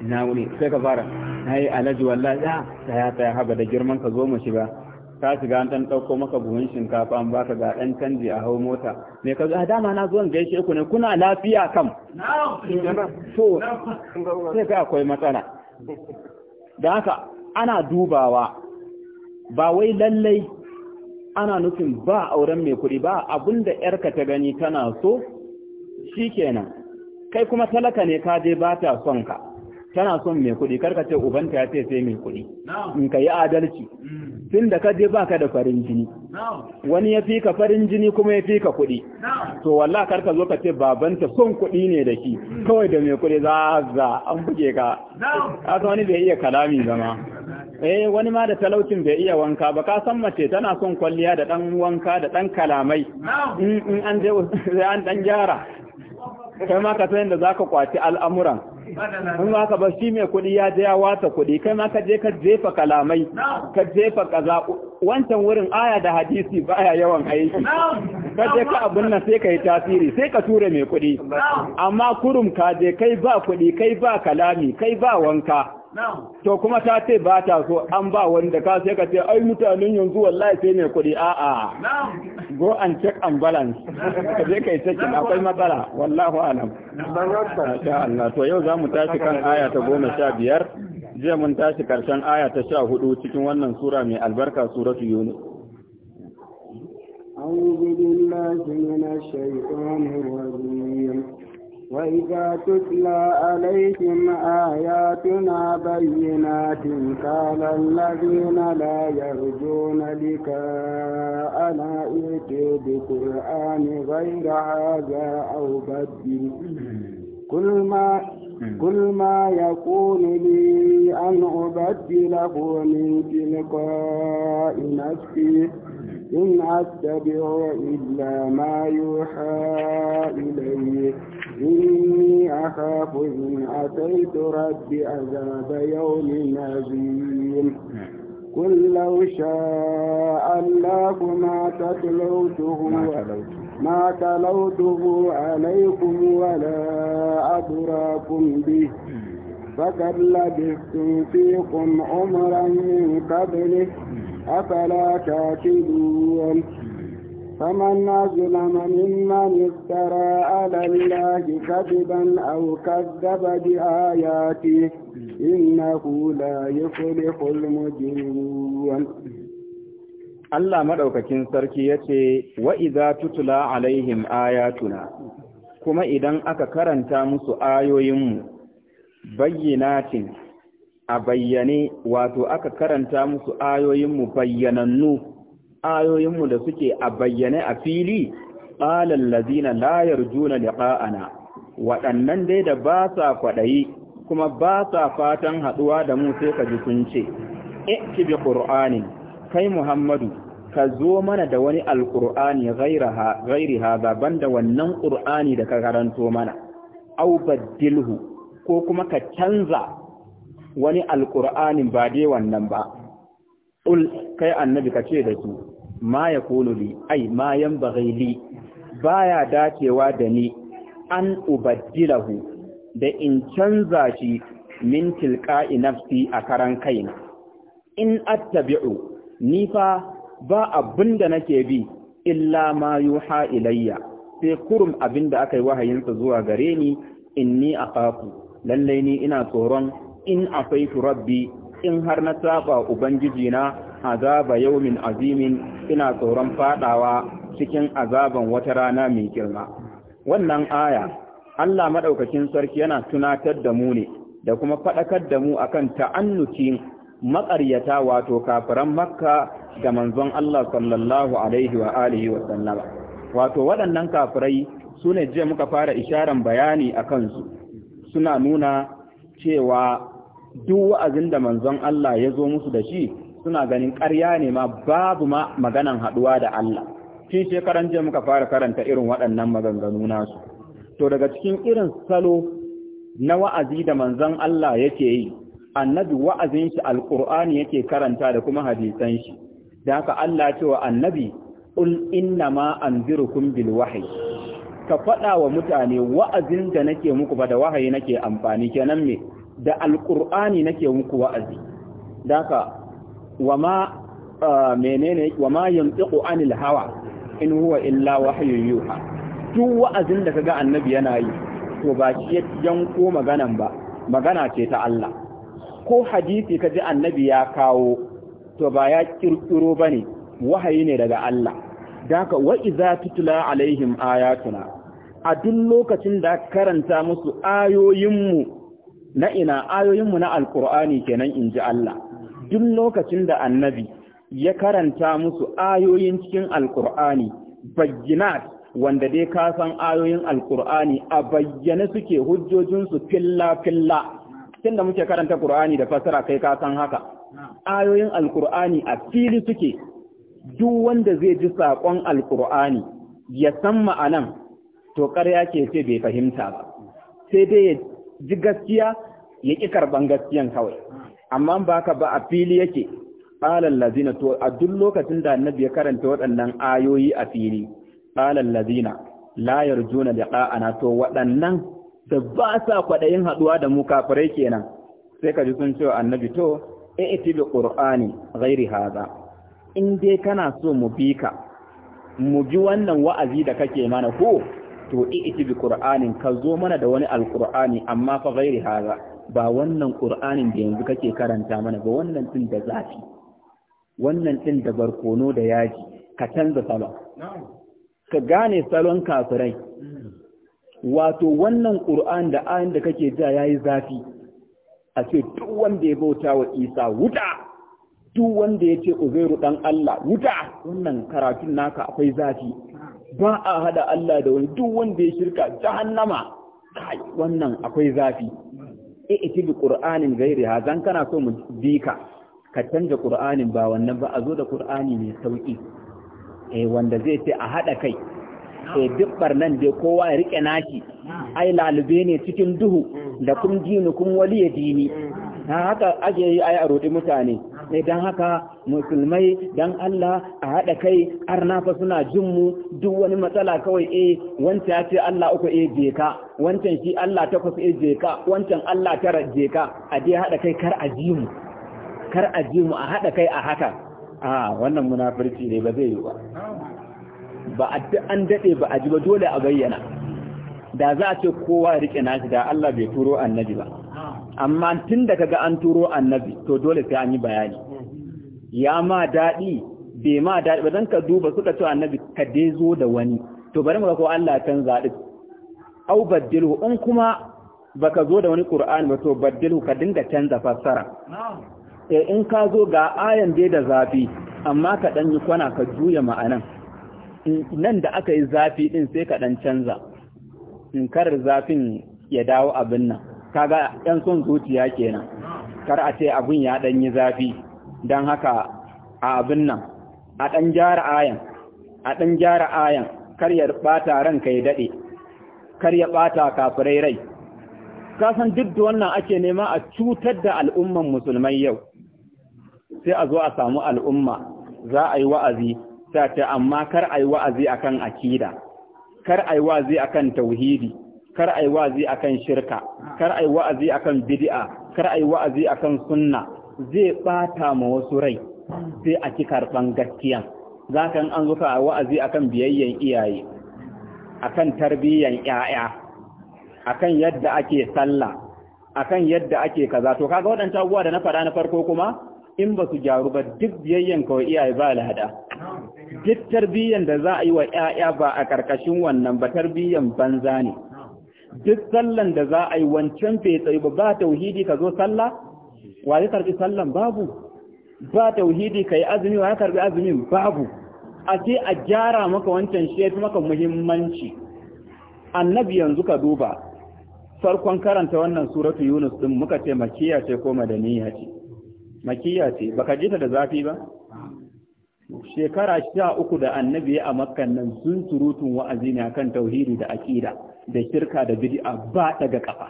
ina wuni sai ka fara na yi alaji wallahi ya tsaya tsaya haba da girman ka zo mu shiga ka shiga an ɗan ɗauko maka buhun shinkafa an baka ga ɗan canji a hau mota me ka ga ah, dama na zuwan gaishe ku ne kuna lafiya kam to sai ka akwai matsala da haka ana dubawa ba wai lallai ana nufin ba auren mai kuɗi ba abinda yarka ta gani tana so shikenan kai kuma talaka ne ka je ba ta son ka tana son mai kuɗi karka ce ubanta ya ce sai mai kuɗi in ka yi adalci mm. tun da ka je baka da farin jini wani ya fi ka farin jini kuma ya fi ka kuɗi to walla karka zo ka ce babanta son kuɗi ne da shi mm. kawai da mai kuɗi za za an buge ka haka wani bai iya kalami zama eh wani ma da talaucin bai iya wanka ba ka san mace tana son kwalliya da dan wanka da dan kalamai in an je an dan gyara kai ma ka san yadda za ka kwaci al'amuran in ba ka ba shi mai kuɗi ya je ya wata kuɗi kai ma ka je ka jefa kalamai ka jefa kaza wancan wurin aya da hadisi baya yawan aiki ka je ka abin nan sai ka yi tasiri sai ka tura mai kuɗi amma kurum ka je kai ba kuɗi kai ba kalami kai ba wanka to kuma ta ce ba ta so an ba wanda ka sai ka ce ai mutanen yanzu wallahi sai kudi kuɗi a'a go and check and balance ka je kai cikin akwai matsala wallahu alam insha Allah to yau zamu tashi kan aya ta 15 je mun tashi karshen aya ta 14 cikin wannan sura mai albarka suratu yunus أعوذ بالله من الشيطان الرجيم وإذا تتلى عليهم آياتنا بينات قال الذين لا يرجون لك أنا أوتي بقرآن غير هذا أو بدل كل ما قل ما يكون لي أن أبدله من تلقاء نفسي إن أتبع إلا ما يوحى إلي إني أخاف إن أتيت ربي عذاب يوم عظيم قل لو شاء الله ما تتلوته ما تلوته عليكم ولا أدراكم به فقد لبثتم فيكم عمرا من قبله أفلا تاكدون فمن أظلم ممن افترى على الله كذبا أو كذب بآياته إنه لا يخلق المجرمون Allah maɗaukakin sarki ya ce, Wa iza tutula alaihim ayatuna, kuma idan aka karanta musu ayoyinmu, bayyinatin a bayyane wato aka karanta musu ayoyinmu bayyanannu ayoyinmu da suke a bayyane a fili qalal ladina la yarjuna liqa'ana waɗannan dai da ba sa kwaɗayi kuma ba sa fatan haɗuwa da mu sai ka ji sun ce ikki bi kai muhammadu ka zo mana da wani alqur'ani gairi ghairi banda wannan qur'ani da ka karanto mana au baddilhu ko kuma ka canza wani alƙur'anin ba dai wannan ba ƙul kai annabi ka ce da su ma ya li ai ma yan bagaili ba ya dacewa da ni an ubaddilahu da in canza shi min tilka'i nafsi a karan kaina in attabi'u ni fa ba abin da nake bi illa ma yuha ilayya sai kurum abinda da aka yi wahayinsa zuwa gare ni inni akhafu lallai ni ina tsoron in afaitu rabbi in har na saba ubangijina azaba yaumin azimin ina tsoron fadawa cikin azaban wata rana mai girma wannan aya Allah madaukakin sarki yana tunatar da mu ne da kuma fadakar da mu akan ta'annuci maƙaryata wato kafiran makka da manzon Allah sallallahu alaihi wa alihi wa sallama wato waɗannan kafirai sune ne jiya muka fara isharan bayani a kansu suna nuna cewa duk wa'azin da manzon Allah ya zo musu da shi suna ganin ƙarya ne ma babu ma maganan haɗuwa da Allah tun shekaran jiya muka fara karanta irin waɗannan maganganu nasu to daga cikin irin salo na wa'azi da manzon Allah yake yi annabi wa'azin shi alqur'ani yake karanta da kuma hadisan shi da haka Allah ce wa annabi qul inna ma anzirukum bil wahyi ka faɗa wa mutane wa'azin da nake muku ba da wahayi nake amfani kenan me da alqur'ani nake muku wa'azi daka wama uh, menene wama yantiqu anil hawa in huwa illa wahyu yuha duk wa'azin da kaga annabi yana yi to ba shi yanko maganan ba magana ce ta Allah ko hadisi kaji annabi ya kawo to ba ya kirkiro bane wahayi ne daga Allah daka wa idza tutla alaihim ayatuna a duk lokacin da karanta musu ayoyinmu na ina ayoyinmu na alkur'ani kenan in ji Allah duk lokacin da annabi ya karanta musu ayoyin cikin alkur'ani bayyinat wanda dai ka san ayoyin alkur'ani a bayyane suke hujjojinsu filla-filla tunda muke karanta Qur'ani da fasara kai ka san haka ayoyin alkur'ani a fili suke duk wanda zai ji saƙon alkur'ani ya san ma'anan to ƙarya ce ce bai fahimta ba sai dai ji gaskiya ya ƙi karɓan gaskiyan kawai amma ba ka ba a fili yake ƙalan lazina to a duk lokacin da annabi ya karanta waɗannan ayoyi a fili ƙalan lazina layar juna da ƙa'ana to waɗannan da ba sa kwaɗayin haɗuwa da mu kafirai kenan sai ka ji sun ce annabi to i'ti bi qur'ani ghairi hadha in dai kana so mu bi ka mu ji wannan wa'azi da kake mana ko to i'ti bi qur'anin ka zo mana da wani alqur'ani amma fa ghairi hada ba wannan qur'anin da yanzu kake karanta mana ba wannan din da zafi wannan din da barkono da yaji ka canza salon ka gane salon kafirai wato wannan qur'an da ayin da kake ja yayi zafi a ce duk wanda ya bauta wa Isa wuta duk wanda ya ce Uzairu dan Allah wuta wannan karatun naka akwai zafi ba a hada Allah da wani duk wanda ya shirka jahannama kai wannan akwai zafi i'ti bi qur'anin gairi ha zan kana so mu bi ka ka canja qur'anin ba wannan ba a zo da qur'ani mai sauki eh wanda zai ce a hada kai eh duk barnan dai kowa ya rike naki, ai lalube ne cikin duhu da kum dini kum mm. waliya dini haka ake yi ai a rodi mutane don haka musulmai don Allah a haɗa kai arnafa suna jin mu duk wani matsala kawai eh wancan ya ce Allah uku eh je ka wancan shi Allah takwas eh je ka wancan Allah tara je ka a je haɗa kai kar a ji mu kar a ji mu a haɗa kai a haka a wannan munafurci ne ba zai yi ba ba an daɗe ba a ji ba dole a bayyana da za a ce kowa riƙe nashi da Allah bai turo annabi ba amma tun da kaga an turo annabi to dole sai an yi bayani ya ma daɗi bai ma daɗi ba zan ka duba suka ce annabi ka dai zo da wani to bari mu ga ko Allah kan zadi au baddilhu in kuma baka zo da wani Qur'ani ba to baddilhu ka dinga canza fassara eh in ka zo ga ayan dai da zafi amma ka dan yi kwana ka juya ma'anan nan da aka yi zafi din sai ka dan canza in kar zafin ya dawo abin nan kaga yan son zuciya kenan kar a ce abin ya ɗan yi zafi don haka a abin nan a ɗan jara ayan a ɗan jara ayan kar ya ɓata ranka ya daɗe, kar ya ɓata kafirai rai kasan duk da wannan ake nema a cutar da al'umman musulmai yau sai a zo a samu al'umma za a yi wa'azi sai ce amma kar a yi wa'azi akan akida kar a yi wa'azi akan tauhidi kar ai wa'azi akan shirka kar ai wa'azi akan bid'a kar ai wa'azi akan sunna zai bata ma wasu rai sai a ki karban gaskiya zaka an zo ka wa'azi akan biyayyen iyaye akan tarbiyyan a akan yadda ake sallah akan yadda ake kaza to kaga waɗancan abuwa da na faɗa na farko kuma in ba su gyaru ba duk biyayyen wa iyaye ba lada duk tarbiyyan da za a yi wa 'ya'ya ba a ƙarƙashin wannan ba tarbiyyan banza ne duk sallan da za a yi wancan fetsayi ba ba tauhidi ka zo sallah wa ya karbi sallan babu ba tauhidi ka yi azumi wa ya karbi azumin babu a ce a gyara maka wancan shi ya fi maka muhimmanci annabi yanzu ka duba farkon karanta wannan suratu yunus din muka ce makiya ce ko madaniya ce makiya ce baka ji ta da zafi ba shekara sha uku da annabi a makkan nan sun surutun wa'azi ne akan tauhidi da aƙida da shirka da bid'a ba daga kafa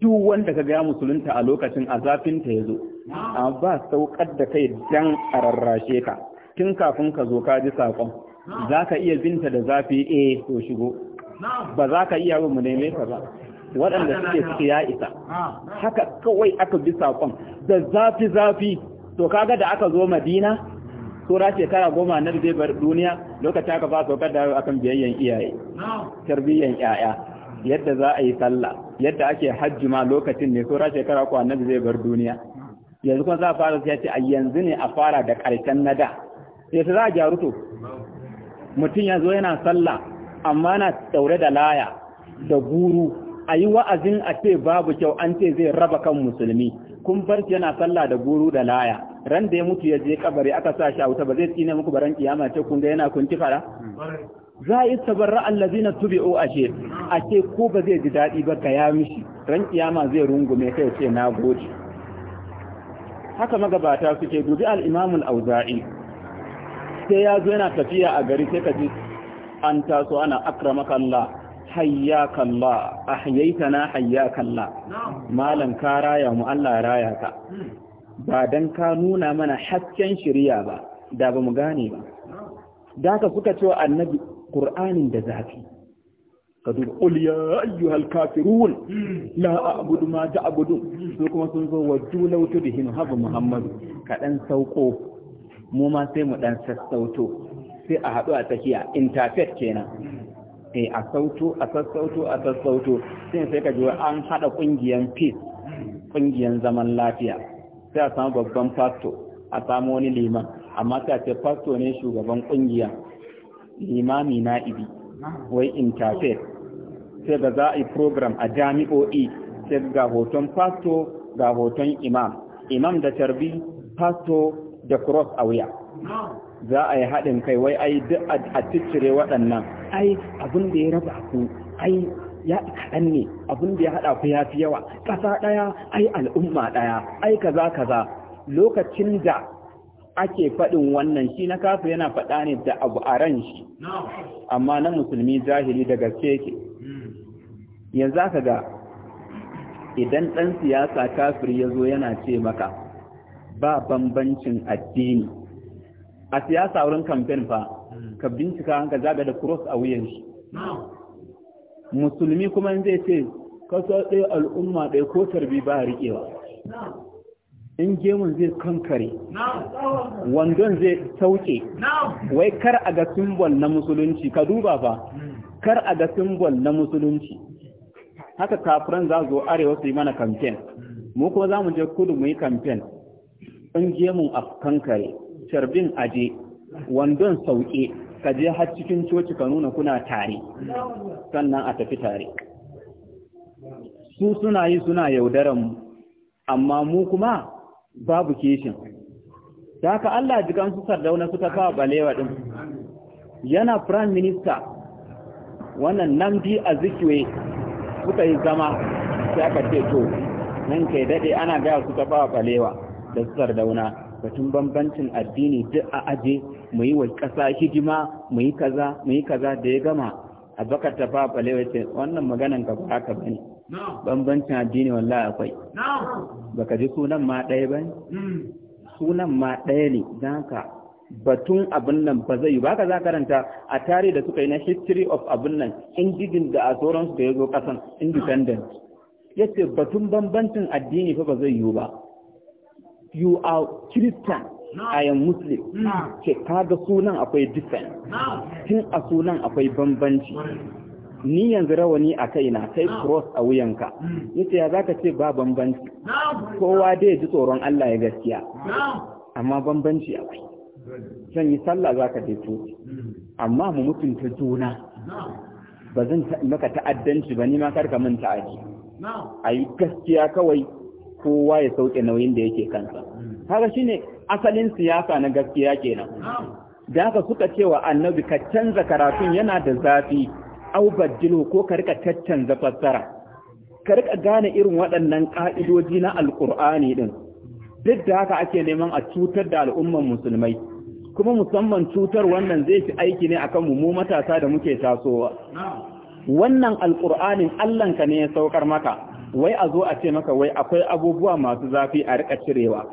duk wanda ka ga musulunta a lokacin azafin ta yazo zo, ba saukar da kai dan ararrashe ka tun kafin ka zo ka ji sakon zaka iya binta da zafi eh to shigo ba za ka iya mu neme ka ba waɗanda suke suke ya isa haka kawai aka bi sakon da zafi zafi to kaga da aka zo Madina tura shekara goma na zai bar duniya lokacin aka ba saukar da akan biyayyen iyaye tarbiyyan yaya yadda za a yi sallah yadda ake hajji ma lokacin ne tura shekara ko annabi zai bar duniya yanzu kuma za a fara sai a yanzu ne a fara da karshen nada sai za a gyaru to mutum ya zo yana sallah amma na daure da laya da guru a yi wa'azin a ce babu kyau an ce zai raba kan musulmi kun barci yana sallah da guru da laya ran da ya mutu ya je kabari aka sa shi a wuta ba zai tsine muku baran kiyama ce kun ga yana kunti fara za a yi na allazina tubi'u ashe ashe ko ba zai ji daɗi ba ka ya mishi ran kiyama zai rungume kai ce na gode haka magabata suke dubi al-imam al-auza'i sai ya zo yana tafiya a gari sai ka ji an taso ana akramaka Allah hayyaka Allah ahyaitana hayyaka Allah Malam ka raya mu Allah raya ka hmm. ba dan ka nuna mana hasken shirya ba da ba mu gane ba da ka suka cewa annabi qur'anin da zafi ka duba qul ya ayyuhal kafirun la a'budu ma abudu. su kuma sun zo wa da tudhim habu muhammadu ka dan sauko mu ma sai mu dan sassauto sai a haɗu a tsakiya interfet kenan eh a sauto a sassauto a sassauto sai sai ka ji an haɗa ƙungiyar peace ƙungiyar zaman lafiya sai a samu babban fasto a samu wani liman amma sai a ce fasto ne shugaban kungiya limami na'ibi wai intafet sai ga za a yi program a jami'o'i sai ga hoton fasto ga hoton imam imam da tarbi fasto da cross a wuya za a yi haɗin kai wai ai duk a ciccire waɗannan ai abin da ya raba ku ai ya kaɗan ne abin da ya haɗa ku ya fi yawa ƙasa ɗaya ai al'umma ɗaya ai kaza kaza lokacin da ake faɗin wannan shi na kafa yana faɗa ne da abu a ran shi amma na musulmi jahili daga gaske yake yanzu aka ga idan ɗan siyasa kafir ya zo yana ce maka ba bambancin addini a siyasa wurin kamfen fa ka bincika hanka zaga da cross a wuyan shi musulmi kuma zai ce kaso ɗaya al'umma ɗaya ko tarbi ba a riƙewa in gemun zai kankare wandon zai sauke wai kar a ga simbol na musulunci ka duba ba kar a ga simbol na musulunci haka kafiran za zo arewa su yi mana kamfen mu kuma za mu je kudu mu yi kamfen in gemun a kankare a aje wandon sauke ka je har cikin coci ka nuna kuna tare sannan a tafi tare su suna yi suna yaudaran mu amma mu kuma babu kishin Ta haka Allah jikan su sardauna suka kawo balewa din yana prime minister wannan a azikiwe suka yi zama ya aka ce to nan kai dade ana gaya su ta kawo balewa da su sardauna batun bambancin addini duk a aje mu yi wa ƙasa hidima mu yi kaza mu yi kaza da ya gama abakar ta fa bale ce wannan maganan ka ba haka bane bambancin addini wallahi akwai baka ji sunan ma ɗaya bane hmm. sunan ma ɗaya ne don ka. batun abin nan ba zai yi ba ka za karanta a tare da suka yi na history of abin nan indijin da a sauransu da ya zo kasan independent ya ce batun bambancin addini fa ba zai yi ba you are Christian I am Muslim ke kaga sunan akwai different tun a sunan akwai bambanci ni yanzu rawani a kai kaina kai cross a wuyanka hmm. yace ya zaka ce ba bambanci kowa dai ji tsoron Allah ya gaskiya amma bambanci akwai zan yi sallah zaka je coci hmm. amma mu mutunta juna ba zan maka ta'addanci ba ni ma karka manta a ayi gaskiya kawai kowa ya sauke nauyin da yake kansa haka ne asalin siyasa na gaskiya kenan da haka suka cewa annabi ka canza karatun yana da zafi au baddilu ko ka rika caccanza fassara ka rika gane irin waɗannan ƙa'idoji na Alƙur'ani ɗin. duk da haka ake neman a cutar da al'umman musulmai kuma musamman cutar wannan zai fi aiki ne akan mu matasa da muke tasowa wannan alkur'anin Allahnka ne ya saukar maka wai a zo a ce maka wai akwai abubuwa masu zafi a rika cirewa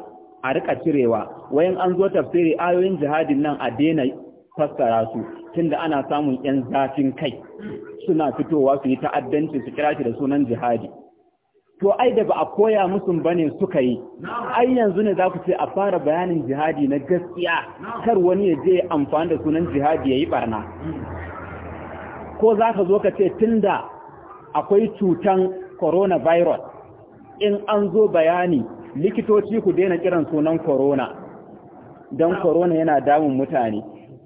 a rika cirewa wayan an zo tafsiri ayoyin jihadin nan a daina fassara su tunda ana samun yan zafin kai suna fitowa su yi ta'addanci su kira shi da sunan jihadi to ai da ba a koya musu bane suka yi ai yanzu ne za ku ce a fara bayanin jihadi na gaskiya kar wani ya je amfani da sunan jihadi yayi barna ko za ka zo ka ce tunda akwai cutan coronavirus in an zo bayani likitoci ku daina kiran sunan corona don ah. corona yana damun mutane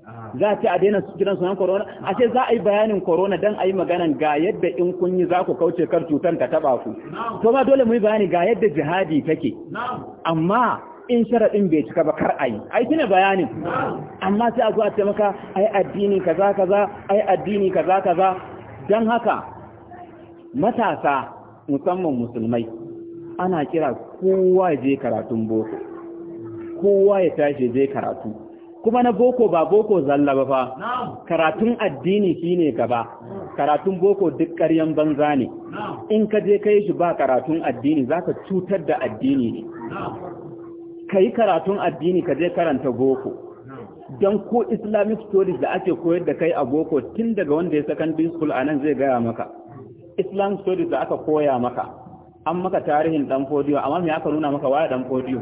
ah. za ta a daina kiran sunan corona ah. a ce za a yi bayanin corona don a yi maganan ga yadda in kun yi za ku kauce kar cutar ta taba ku to ma dole mu yi bayani ga yadda jihadi take amma in sharaɗin bai cika ba kar ayi ai tuna bayanin amma sai a zo a ce maka ai addini kaza kaza ai addini kaza kaza don haka matasa musamman musulmai ana kira kowa je karatun boko kowa ya tashi je karatu kuma na boko ba boko zalla ba fa karatun addini shine gaba karatun boko duk ƙaryan banza ne in ka je kai shi ba karatun addini zaka cutar da addini ne kai karatun addini ka je karanta boko don ko islamic stories da ake koyar da kai a boko tun daga wanda ya secondary school a zai gaya maka islam studies da aka koya maka an maka tarihin dan fodiyo amma me aka nuna maka waya dan fodiyo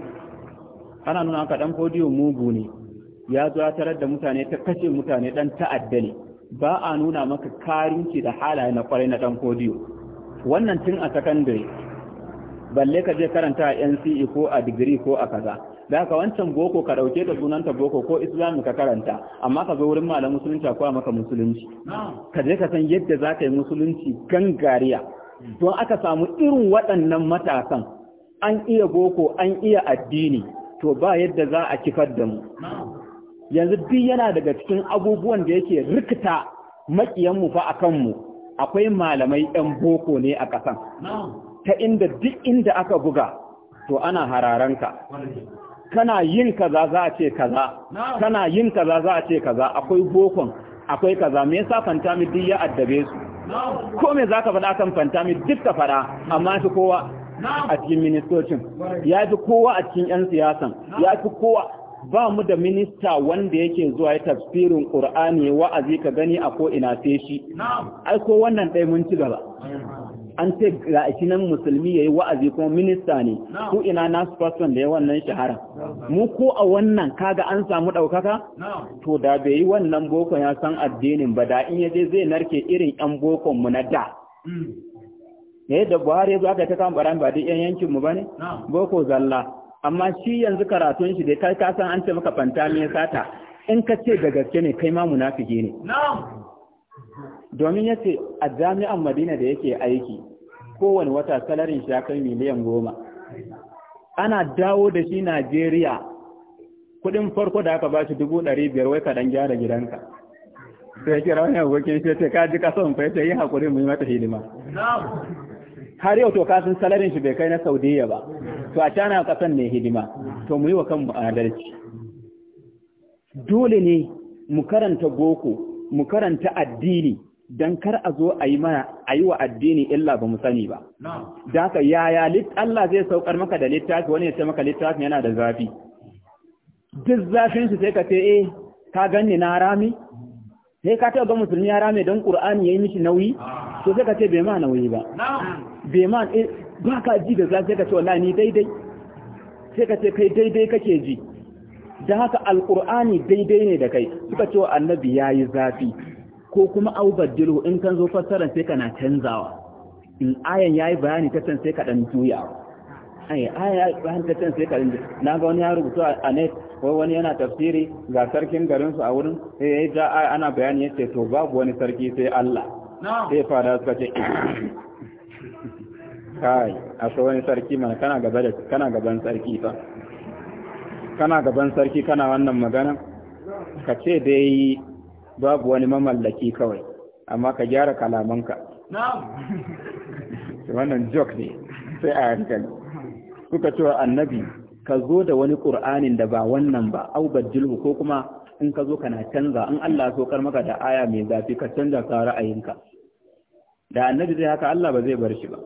ana nuna maka dan fodiyo mugu ne ya zo tarar da mutane ta kashe mutane dan ta'adda ne ba a nuna maka karinci da halaye na kwarai na dan fodiyo wannan tun a secondary balle ka je karanta a NCE ko a degree ko a kaza da ka wancan boko ka dauke da sunanta boko ko islami ka karanta amma ka zo wurin malam musulunci a koya maka musulunci ka je ka san yadda za ka yi musulunci gangariya hmm. don aka samu irin waɗannan matasan an iya boko an iya addini to ba yadda za a kifar da mu yanzu duk yana daga cikin abubuwan da yake rikita mu fa akan mu akwai malamai ɗan boko ne a ƙasan ta inda duk inda aka buga to ana hararanka kana yin kaza za a ce kaza kana yin kaza za a ce kaza akwai bokon akwai kaza me yasa fantamid duk ya addabe su ko me zaka faɗa kan fantamid duk ta faɗa amma shi kowa a cikin ministocin ya fi kowa a cikin 'yan siyasan ya fi kowa ba mu da minista wanda yake zuwa ya tafsirin ƙur'ani wa'azi ka gani a ko ina sai shi ai ko wannan ɗaya mun ci gaba an ce ga shi nan musulmi yayi wa'azi kuma minista ne ko ina nasu person da ya wannan shahara mu ko a wannan kaga an samu ɗaukaka? to da bai yi wannan boko ya san addinin ba da in yaje zai narke irin yan bokon mu na da mm. eh da Buhari zuwa ga ta kan baran ba duk yan yankin mu bane boko zalla amma shi yanzu karatun shi dai kai ka san an ce maka fanta me sata in ka ce da gaske ne kai ma munafiki ne domin ya ce a jami'an madina da yake aiki kowane wata salarin shi ya kai miliyan goma ana dawo da shi najeriya kudin farko da aka ba shi dubu ɗari biyar wai ka dan gyara gidanka sai kira wani abokin shi ce ka ji kasan fa ta yi hakuri mu yi mata hidima har yau to kasan salarin shi bai kai na saudiya ba to a cana kasan ne hidima to mu yi wa kanmu adalci dole ne mu karanta boko mu karanta addini dan kar a zo a yi mana a yi wa addini illa ba mu sani ba da ka yaya Allah zai saukar maka da littafi wani ya ce maka littafin yana da zafi duk zafin su sai ka ce eh ka ganni na rami sai ka taɓa ga musulmi ya rame don ƙur'ani ya yi mishi nauyi ah. to sai ka ce bai ma nauyi ba bai ma eh, ba ka ji da zafi sai ka ce wallahi ni daidai sai ka ce kai daidai kake ji da haka alƙur'ani daidai ne da kai suka ce annabi ya yi zafi ko kuma aubaddilu in kan zo Fassara sai kana canzawa in ayan yayi bayani ta can sai ka dan juya ai aya bayani ta can sai ka dan na ga wani ya rubuta a net wai wani yana tafsiri ga sarkin garin su a wurin eh ja ana bayani yace to babu wani sarki sai Allah sai fara suka ce kai so wani sarki mana kana gaba da kana gaban sarki fa kana gaban sarki kana wannan magana ka ce dai babu wani mamallaki kawai amma ka gyara kalamanka wannan joke ne sai a hankali suka cewa annabi ka zo da wani ƙur'anin da ba wannan ba au bajjilhu ko kuma in ka zo kana canza in Allah so kar maka da aya mai zafi ka canza ka ra'ayinka da annabi zai haka Allah ba zai bar shi ba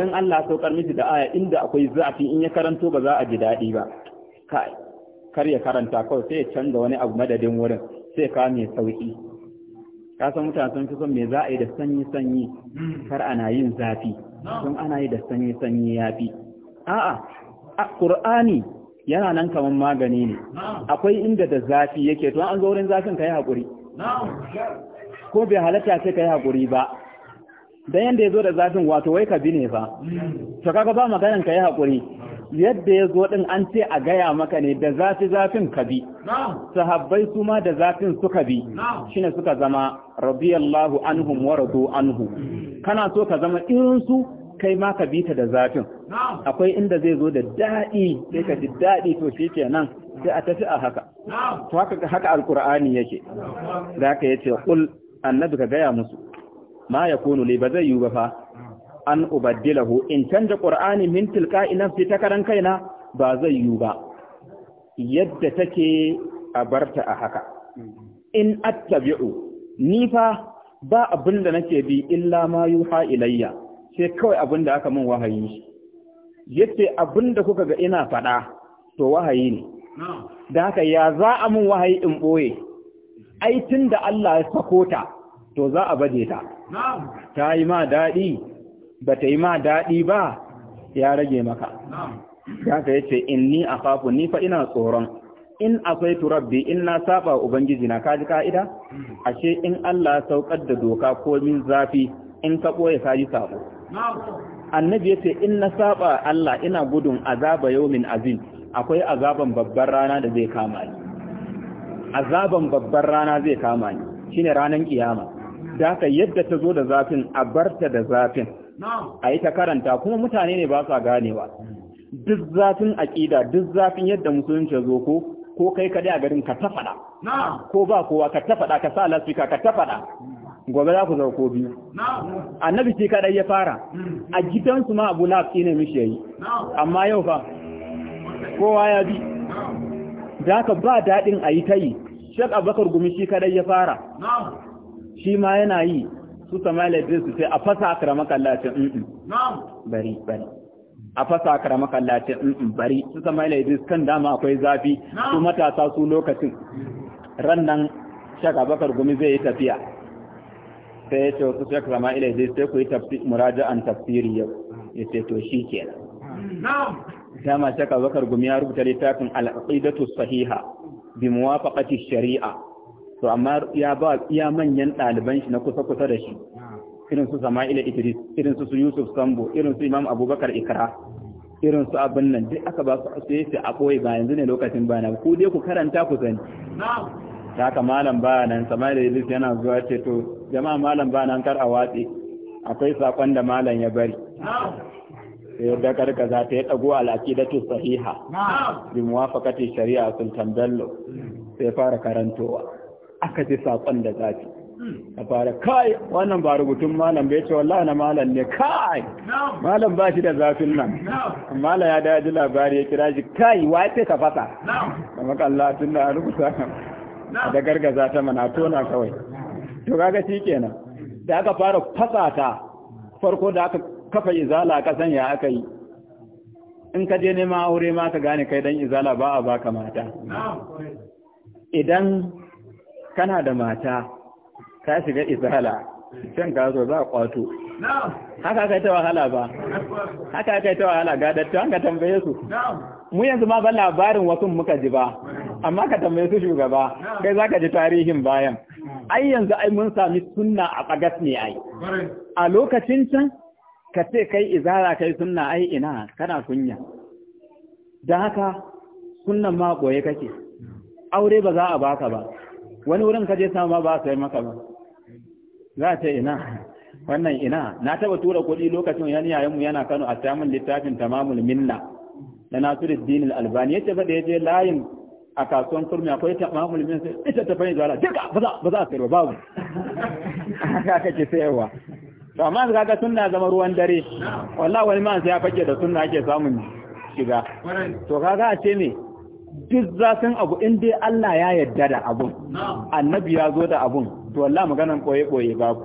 in Allah so kar miki da aya inda akwai zafi in ya karanto ba za a ji daɗi ba kai kar ya karanta kawai sai ya canza wani abu madadin wurin sai ka mai sauki ka san mutane sun fi son me za a yi da sanyi sanyi kar ana yin zafi sun ana yi da sanyi sanyi ya fi a'a a qur'ani yana nan kamar magani ne akwai inda da zafi yake to an zo wurin zafin yi hakuri ko bai halatta sai ka yi hakuri ba dan yanda zo da zafin wato wai ka bi ne ba, to kaga ba maganan yi hakuri yadda ya zo ɗin an ce a gaya maka ne da zafi zafin ka bi sahabbai su ma da zafin suka bi shine suka zama radiyallahu anhu wa radu anhu kana so ka zama irin kai ma ka bi ta da zafin akwai inda zai zo da daɗi sai ka ji daɗi to shi nan, sai a tafi a haka to haka haka alqur'ani yake za ka yace ƙul annabi ka gaya musu ma ya kono ne, ba zai yiwu ba fa an ubaddilahu in canja qur'ani min tilka fita fi karan kaina ba zai yiwu ba yadda take a barta a haka in attabi'u ni fa ba abinda nake bi illa ma yuha ilayya sai kawai abinda aka min wahayi yace abin da kuka ga ina faɗa to wahayi ne da haka ya za a min wahayi in boye ai tunda Allah ya sako ta to za a baje ta ta yi ma daɗi ba ta yi ma daɗi ba ya rage maka ya ka yace a akhafu ni fa ina tsoron in akwai turabbi in na saba ubangiji na kaji ka'ida hmm. ashe in Allah ya saukar da doka ko min zafi in ka boye kaji sabo annabi yace in na saba Allah ina gudun azaba min azin, akwai azaban babbar rana da zai kama ni azaban babbar rana zai kama ni ne ranar ƙiyama. da ka yadda ta zo da zafin a barta da zafin a yi ta karanta kuma mutane ne ba sa ganewa duk zafin aƙida duk zafin yadda musulunci zo ko ko kai kadai a garin ka ta ko ba kowa ka ta ka sa lasfika ka ta faɗa gobe za ku ko biyu annabi shi kadai ya fara mm. a gidansu ma abu lafi ne mishi yayi amma yau fa kowa ya bi da ka ba daɗin a yi ta yi shek abubakar gumi shi kadai ya fara shi ma yana yi su Sama'ila din su sai a fasa akramaka Allah ce in bari bari a fasa akramaka Allah ce in bari su Sama'ila Idris kan dama akwai zafi su matasa su lokacin ran nan Shaka Bakar Gumi zai yi tafiya sai ya ce wasu Shaka Sama'ila Idris sai ku yi an tafsiri yau ya ce to shi ke dama Shaka Bakar Gumi ya rubuta littafin al-aqidatu sahiha bi muwafaqati shari'a to amma ya ba iya manyan ɗaliban shi na kusa-kusa da shi irin su Sama'ila Idris irin su Yusuf Sambo irin su Imam Abubakar Ikra irin su abin nan duk aka ba su sai su a koyi ba yanzu ne lokacin ba na ku dai ku karanta ku sani ta haka malam ba nan Sama'ila Idris yana zuwa ce to jama'a malam ba kar a watsi. akwai sakon da malam ya bari da karka za ta yi ɗago al'aƙidatu sahiha bi muwafaqati shari'a sultan bello sai fara karantowa aka ji saƙon da zafi a fara kai wannan ba rubutun malam bai ce wallahi na malam ne kai malam ba shi da zafin nan malam ya daji labari ya kira shi kai wace ka fasa da Allah tun da rubuta da gargaza ta mana tona kawai to kaga shi kenan da aka fara fasa ta farko da aka kafa izala a kasan ya aka yi in ka je nema aure ma ka gane kai dan izala ba a baka mata idan kana da mata ka shiga izala can ka zo za a kwato haka kai yi ta wahala ba haka kai yi ta wahala ga dattu an ka tambaye su mu yanzu ma ba labarin wasu muka ji ba amma ka tambaye su shugaba kai za ka ji tarihin bayan ai yanzu ai mun sami sunna a bagas ne ai a lokacin can ka ce kai izara kai sunna ai ina kana kunya da haka sunnan ma goye kake aure ba za a baka ba wani wurin ka je sama ba sai maka ba za ta ina wannan ina na taba tura kuɗi lokacin yan yayin mu yana Kano a samun littafin tamamul minna na Nasiruddin Al-Albani yace fa da yaje layin a kasuwan kurmi akwai tamamul minna sai ita ta fani zuwa duka ba za ba za sai ba babu haka kake sayarwa to amma ga sunna zama ruwan dare wallahi wani ma sai ya fake da sunna ake samun shiga to kaga a ce me duk zafin abu in dai Allah ya yarda da abun annabi ya zo da abun to wallahi maganan koye koye babu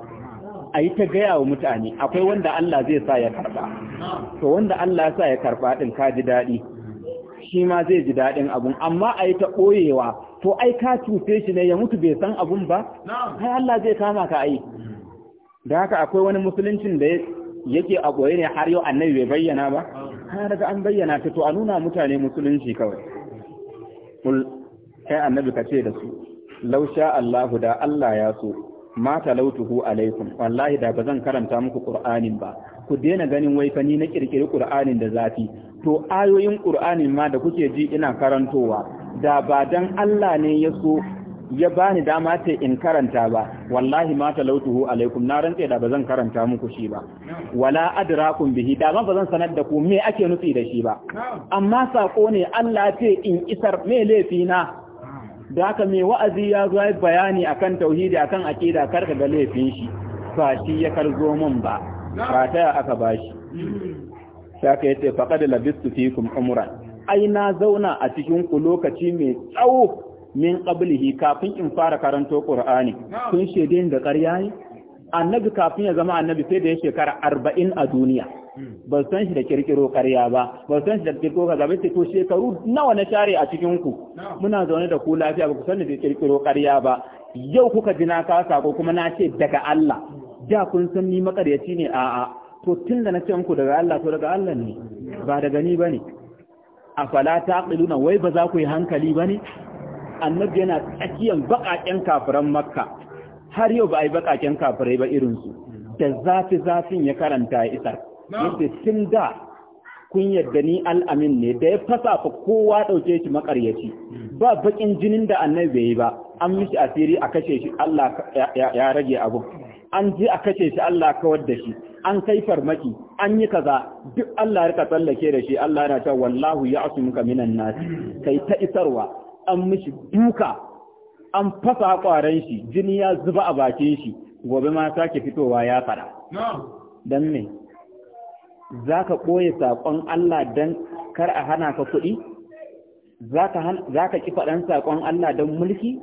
a yi ta gaya wa mutane akwai wanda Allah zai sa ya karba to wanda Allah ya sa ya karba din ka ji daɗi shi ma zai ji daɗin abun amma a yi ta ɓoyewa to ai ka cuce shi ne ya mutu bai san abun ba kai Allah zai kama ka ai da haka akwai wani musuluncin da yake a ɓoye ne har yau annabi bai bayyana ba har daga an bayyana ta to a nuna mutane musulunci kawai kul kai annabi ka ce da su law sha Allahu da Allah ya so ma talautuhu alaikum wallahi da bazan karanta muku qur'anin ba ku daina ganin wai fani na kirkiri qur'anin da zafi to ayoyin qur'anin ma da kuke ji ina karantowa da ba dan Allah ne ya so ya bani dama ta in karanta ba wallahi ma talautuhu alaikum na rantse da bazan karanta muku shi ba wala adrakum bihi da ba bazan sanar da ku me ake nufi da shi ba amma sako ne Allah ce in isar me laifi na da haka me wa'azi ya zo bayani akan tauhidi akan Kar ka ga laifin shi ba shi ya karzo min ba ba ta aka bashi sai aka yace faqad labistu fikum umran ai na zauna a cikin ku lokaci mai tsawo min qablihi kafin in fara karanto Qur'ani kun shede da ƙarya ne annabi kafin ya zama annabi sai da ya shekara 40 a duniya hmm. ba san shi da kirkiro ƙarya ba ba san shi da kirkiro kaza ba to shekaru nawa na share a cikin ku muna zaune da ku lafiya ba ku san da kirkiro ƙarya ba yau kuka ji na kasa ko kuma na ce daga Allah da kun san ni makaryaci ne a'a to tun da na ce muku daga Allah to daga Allah ne ba daga ni bane afala taqiluna wai ba za ku yi hankali bane annabi yana tsakiyan baƙaƙen kafiran makka har yau ba a yi baƙaƙen kafirai ba irinsu da zafi-zafin ya karanta ya isar yadda tun da kun yadda ni al'amin ne da ya fasa fa kowa ɗauke shi makaryaci hmm. ba bakin jinin da annabi bai yi ba an mishi asiri a kashe shi Allah ya rage abu an ji a kashe shi Allah kawar da shi an kai farmaki an yi kaza duk Allah ya rika tsallake da shi Allah yana cewa wallahu ya muka minan nasi hmm. kai ta isarwa an mishi duka an fasa kwaren shi jini ya zuba a bakin shi gobe ma sake fitowa ya fara don me za ka ɓoye saƙon Allah don kar a hana ka kuɗi zaka ka ki faɗan saƙon Allah dan mulki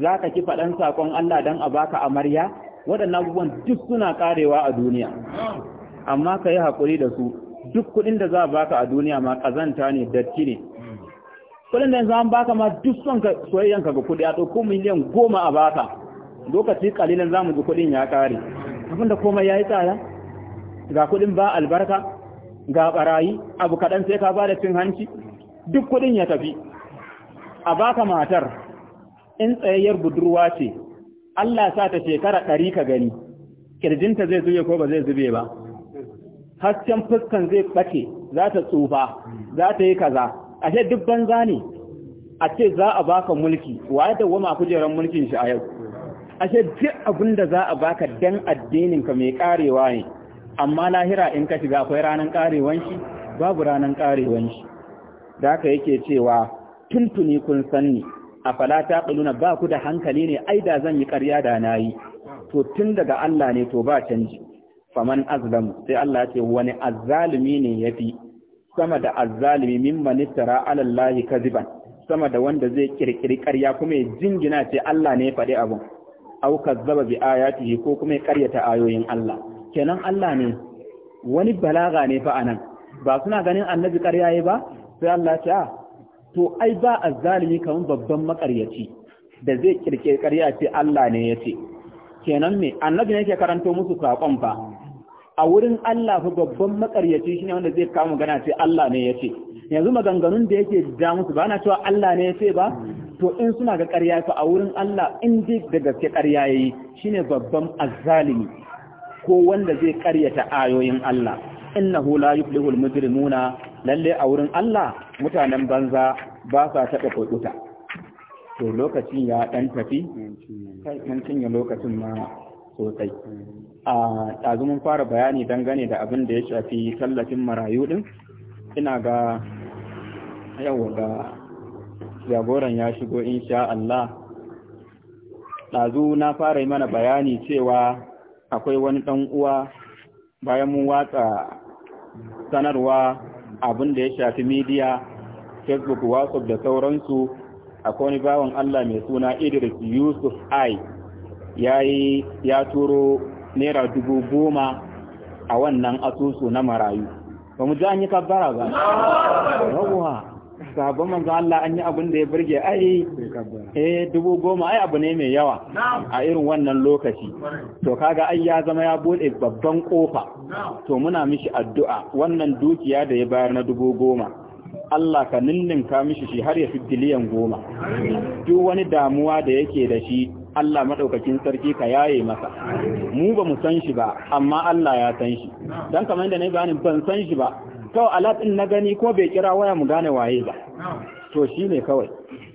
za ka ki faɗan saƙon Allah don a baka amarya waɗannan abubuwan duk suna ƙarewa a duniya amma ka yi haƙuri da su duk kuɗin da za a baka a duniya ma ƙazanta ne datti ne kudin da yanzu an baka ma duk son ka soyayyanka ga kudi a ɗauko miliyan goma a baka lokaci kalilan za mu ji kudin ya ƙare abinda komai ya yi tsada ga kudin ba albarka ga barayi abu kaɗan sai ka ba da cin hanci duk kudin ya tafi a baka matar in tsayayyar budurwa ce Allah sa ta shekara ɗari ka gani kirjinta zai zube ko ba zai zube ba hasken fuskan zai ɓace za ta tsufa za ta yi kaza ashe duk banza ne a ce za a baka mulki waye da wama kujeran mulkin shi a yau ashe duk abin da za a baka dan addinin ka mai karewa ne amma lahira in ka shiga akwai ranan karewan shi babu ranan karewan shi da haka yake cewa tuntuni kun sanni a fala ta ba ku da hankali ne ai da zan yi ƙarya da nayi to tun daga Allah ne to ba canji faman Azlam sai Allah ce wani azzalimi ne ya fi? sama da azzalimi mimman istara ala Allah kaziban sama da wanda zai kirkiri ƙarya kuma ya jingina ce Allah ne ya faɗi abun au kazzaba bi ayatihi ko kuma ya ƙaryata ayoyin Allah kenan Allah ne wani balaga ne fa anan ba suna ganin annabi ƙarya ba sai Allah ce to ai ba azzalimi kaman babban maƙaryaci da zai kirkiri ƙarya ce Allah ne ya ce kenan me annabi ne yake karanto musu saƙon fa a wurin Allah fa babban makaryaci shine wanda zai kawo gana ce Allah ne ya ce. yanzu maganganun da yake da musu ba na cewa Allah ne ya ce ba to in suna ga ƙarya fa a wurin Allah in dai da gaske ƙarya yayi shine babban azzalimi ko wanda zai ƙaryata ayoyin Allah innahu la yuflihul nuna, lalle a wurin Allah mutanen banza ba sa taɓa kokuta to lokacin ya ɗan tafi kan cinye lokacin ma sosai a mun fara bayani dangane da abin da ya shafi tallafin marayu ɗin ina ga yawa ga jagoran ya shigo insha Allah ɗazu na fara yi mana bayani cewa akwai wani ɗan uwa bayan mun watsa sanarwa abin da ya shafi midiya facebook whatsapp da sauransu akwai wani bawan Allah mai suna Idris Yusuf I ya yi ya turo naira dubu goma a wannan asusu na marayu ba mu ji an yi kabbara ba yawwa sabon manzo Allah an yi abin da ya burge ai eh dubu goma ai abu ne mai yawa a irin wannan lokaci to kaga ai ya zama ya bude babban kofa to muna mishi addu'a wannan dukiya da ya bayar na dubu goma Allah ka ninninka mishi shi har ya fi biliyan goma duk wani damuwa da yake da shi Allah maɗaukakin sarki ka yaye masa mu ba mu san shi ba amma Allah ya san shi dan kamar yadda na bayanin ban san shi ba kawai alat din na gani ko bai kira waya mu gane waye ba to shine kawai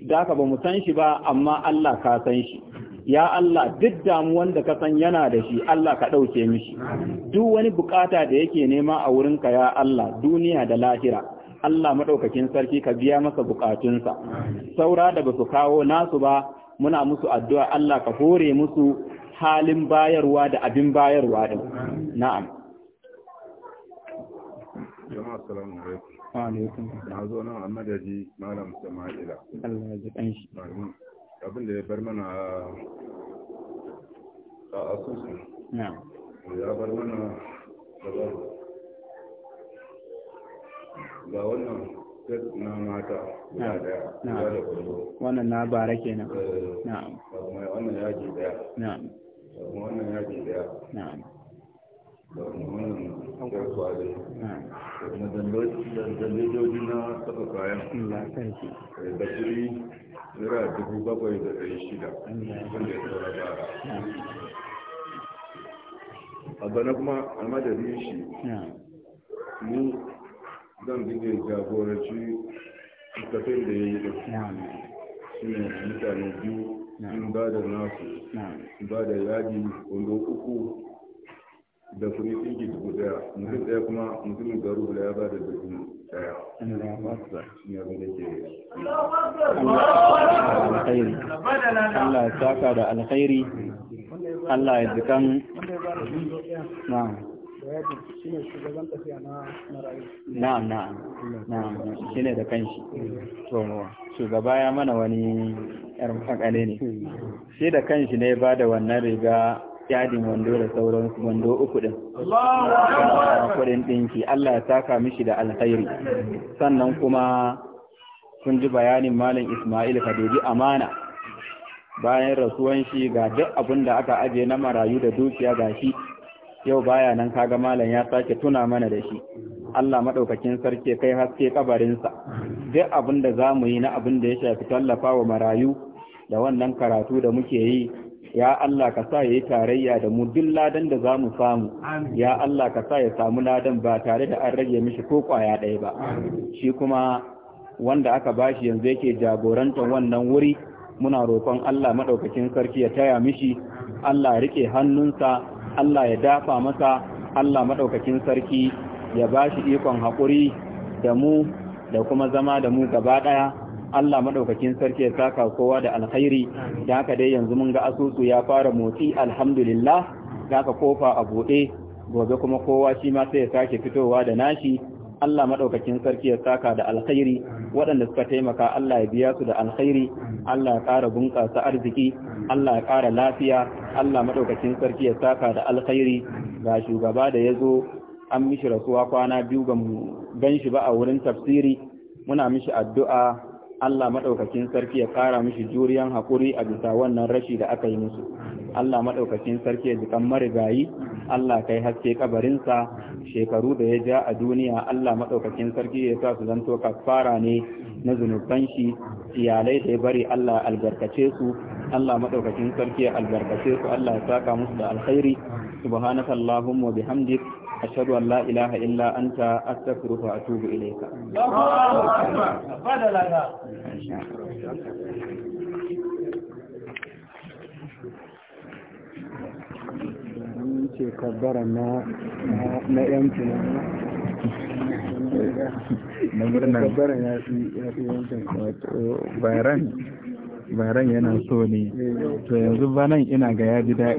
da ka ba mu san shi ba amma Allah ka san shi ya Allah duk damuwan da ka san yana da shi Allah ka ɗauke mishi duk wani bukata da yake nema a wurinka ya Allah duniya da lahira Allah maɗaukakin sarki ka biya masa bukatunsa saura da ba su kawo nasu ba muna musu addu'a Allah ka hore musu halin bayarwa da abin bayarwa din na'am jama'a assalamu alaikum wa alaikum na zo nan a madadi malam sama'ila Allah ya ji kanshi abin da ya bar mana a asusun na'am ya bar mana da ga wannan na mata na daya da wannan na bara kenan eh, na'am wannan yaji daya na'am wannan yaji daya na na na na na ya na kuma almadari shi zan dinga jagoranci tafin da ya yi da shi ne mutane biyu in ba da nasu ba da yadi wando uku da kuma tsinki da daya mutum ɗaya kuma mutumin garu da ya ba da dubu ɗaya. shi ne abin da ke Allah ya saka da alkhairi Allah ya jikan na wayajin shugaban tafiya na na'am na'am na'am shi ne da kanshi to shugaba ya mana wani yar makale ne shi da kanshi ne ba da wannan riga yadin wando da sauran wando uku din kudin dinki Allah ya saka mishi da alkhairi sannan kuma kun ji bayanin malam Ismail Kadeji amana bayan rasuwan shi ga duk abin da aka aje na marayu da dukiya ga shi yau baya nan kaga malam ya sake tuna mana da shi Allah madaukakin sarki kai haske kabarinsa duk abin da zamu yi na abin da ya shafi tallafa wa marayu da wannan karatu da muke yi ya Allah ka sa yayi tarayya da mu duk ladan da zamu samu ya Allah ka sa ya samu ladan ba tare da an rage mishi ko kwaya ɗaya ba shi kuma wanda aka bashi yanzu yake jagorantar wannan wuri muna roƙon Allah madaukakin sarki ya taya mishi Allah rike hannunsa Allah ya dafa masa Allah maɗaukakin sarki ya ba shi ikon haƙuri da mu da kuma zama da mu gaba ɗaya Allah maɗaukakin sarki ya saka kowa da alkhairi da haka dai yanzu mun ga asusu ya fara motsi alhamdulillah da haka kofa a buɗe gobe kuma kowa shi ma sai ya sake fitowa da nashi Allah madaukakin sarki ya saka da alkhairi waɗanda suka taimaka Allah ya biya su da alkhairi Allah ya ƙara bunƙasa arziki Allah ya ƙara lafiya Allah madaukakin sarki ya saka da alkhairi ga shugaba da ya zo an mishi rasuwa kwana biyu ga gan shi ba a wurin tafsiri muna mishi addu'a Allah madaukakin sarki ya ƙara mishi juriyan haƙuri a bisa wannan rashi da aka yi musu Allah maɗaukacin sarki ya jikan marigayi Allah kai haske kabarinsa shekaru da ya ja a duniya Allah maɗaukacin sarki ya sa su zanto kafara ne na zunuban shi iyalai da ya bari Allah albarkace su Allah maɗaukacin sarki ya albarkace su Allah ya saka musu da alkhairi subhanaka allahumma bihamdik ashhadu an la ilaha illa anta astaghfiruka wa atubu ilayka Allahu akbar wuce kabbara na na yanki na na murnar kabbara ya fi ya wancan wato bayan bayaran yana so ne eh. to yanzu ba nan ina ga ya ji daɗi